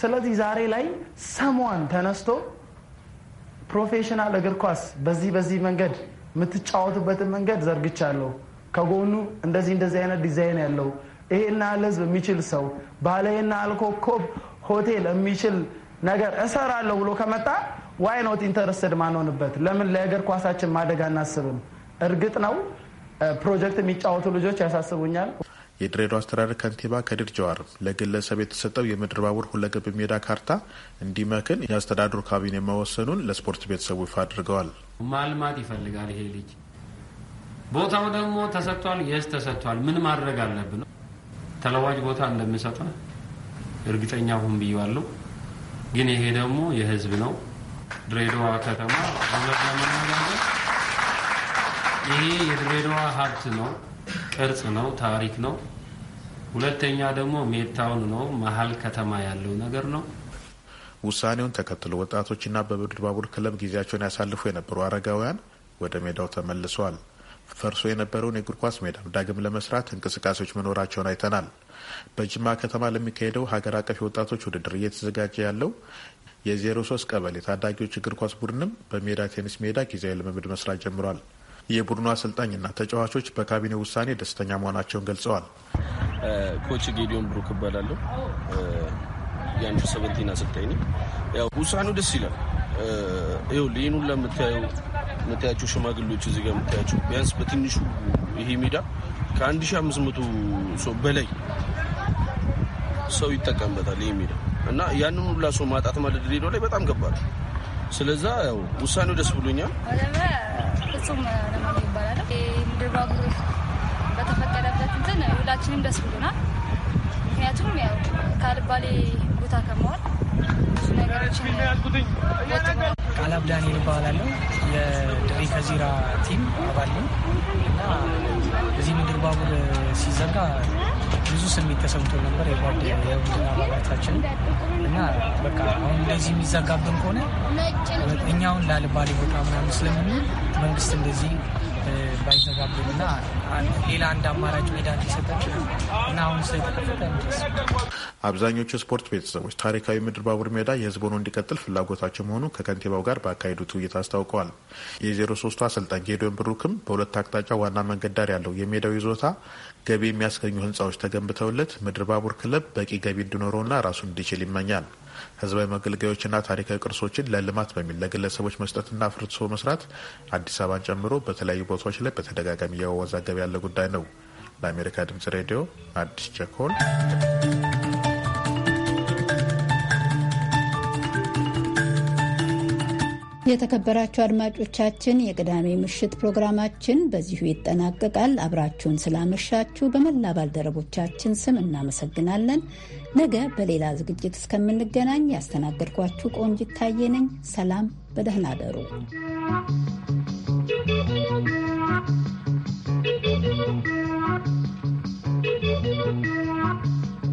ስለዚህ ዛሬ ላይ ሰሟን ተነስቶ ፕሮፌሽናል እግር ኳስ በዚህ በዚህ መንገድ የምትጫወቱበትን መንገድ ዘርግቻለሁ፣ ከጎኑ እንደዚህ እንደዚህ አይነት ዲዛይን ያለው ይሄና ህዝብ የሚችል ሰው ባለይና አልኮኮብ ሆቴል የሚችል ነገር እሰራለሁ ብሎ ከመጣ ዋይ ኖት ኢንተረስትድ ማንሆንበት? ለምን ለእግር ኳሳችን ማደግ አናስብም? እርግጥ ነው ፕሮጀክት የሚጫወቱ ልጆች ያሳስቡኛል። የድሬዳዋ አስተዳደር ከንቲባ ከድር ጀዋር ለግለሰብ የተሰጠው የምድር ባቡር ሁለገብ ሜዳ ካርታ እንዲመክን የአስተዳደሩ ካቢኔ መወሰኑን ለስፖርት ቤተሰቡ ይፋ አድርገዋል። ማልማት ይፈልጋል ይሄ ልጅ። ቦታው ደግሞ ተሰጥቷል። የስ ተሰጥቷል። ምን ማድረግ አለብን? ተለዋጭ ቦታ እንደምሰጠ እርግጠኛ ሁን ብያለሁ። ግን ይሄ ደግሞ የህዝብ ነው። ድሬዳዋ ከተማ ለመነጋገር ይሄ የድሬዳዋ ሀብት ነው፣ ቅርጽ ነው፣ ታሪክ ነው። ሁለተኛ ደግሞ ሜታውን ነው፣ መሀል ከተማ ያለው ነገር ነው። ውሳኔውን ተከትሎ ወጣቶችና በብድር ባቡር ክለብ ጊዜያቸውን ያሳልፉ የነበሩ አረጋውያን ወደ ሜዳው ተመልሰዋል። ፈርሶ የነበረውን የእግር ኳስ ሜዳም ዳግም ለመስራት እንቅስቃሴዎች መኖራቸውን አይተናል። በጅማ ከተማ ለሚካሄደው ሀገር አቀፍ የወጣቶች ውድድር እየተዘጋጀ ያለው የ03 ቀበሌ ታዳጊዎች እግር ኳስ ቡድንም በሜዳ ቴኒስ ሜዳ ጊዜያዊ ልምምድ መስራት ጀምሯል። የቡድኑ አሰልጣኝና ተጫዋቾች በካቢኔ ውሳኔ ደስተኛ መሆናቸውን ገልጸዋል። ኮች ጌዲዮን ብሩክ እባላለሁ። የአንዱ ሰቨንቲን አሰልጣኝ ያው ውሳኔው ደስ ይላል። ይው ሌኑ ሁላ የምታያቸው ሽማግሌዎች እዚህ ጋር የምታያቸው ቢያንስ በትንሹ ይሄ ሜዳ ከአንድ ሺህ አምስት መቶ ሰው በላይ ሰው ይጠቀምበታል የሚለው እና ያንን ሁላ ሰው ማጣት ማለት ድሬዳዋ ላይ በጣም ገባል። ስለዛ ያው ውሳኔው ደስ ብሎኛል። ይባላል ምድር ባቡር በተፈቀደበት እንትን ሁላችንም ደስ ብሎናል። ምክንያቱም ያው ቦታ ከመዋል ብዙ ነገሮችን ቃላብ ዳንኤል እባላለሁ። የድሬ ከዚራ ቲም አባል እና እዚህ ምድር ባቡር ሲዘጋ ብዙ ስሜት ተሰምቶ ነበር። የቡድን አባላታችን እና በቃ አሁን እንደዚህ የሚዘጋብን ከሆነ እኛውን ላልባሌ ቦታ ምናምን መንግስት እንደዚህ ባይዘጋብን እና ሌላ አንድ አማራጭ ሜዳ እንዲሰጣቸው እና አሁን ስለተከፈተ አብዛኞቹ ስፖርት ቤተሰቦች ታሪካዊ ምድር ባቡር ሜዳ የህዝብ ሆኖ እንዲቀጥል ፍላጎታቸው መሆኑ ከከንቲባው ጋር በአካሄዱት ውይይት አስታውቀዋል። የ03ቱ አሰልጣኝ ጌዶን ብሩክም በሁለት አቅጣጫ ዋና መንገድ ዳር ያለው የሜዳው ይዞታ ገቢ የሚያስገኙ ህንፃዎች ተገንብተውለት ምድር ባቡር ክለብ በቂ ገቢ እንዲኖረውና ራሱን እንዲችል ይመኛል። ህዝባዊ መገልገያዎችና ታሪካዊ ቅርሶችን ለልማት በሚል ለግለሰቦች መስጠትና አፍርሶ መስራት አዲስ አበባን ጨምሮ በተለያዩ ቦታዎች ላይ በተደጋጋሚ እያወዛገበ ያለ ጉዳይ ነው። ለአሜሪካ ድምጽ ሬዲዮ አዲስ ቸኮል የተከበራችሁ አድማጮቻችን የቅዳሜ ምሽት ፕሮግራማችን በዚሁ ይጠናቀቃል። አብራችሁን ስላመሻችሁ በመላ ባልደረቦቻችን ስም እናመሰግናለን። ነገ በሌላ ዝግጅት እስከምንገናኝ ያስተናገድኳችሁ ቆንጅ ታየ ሰላም፣ በደህና አደሩ።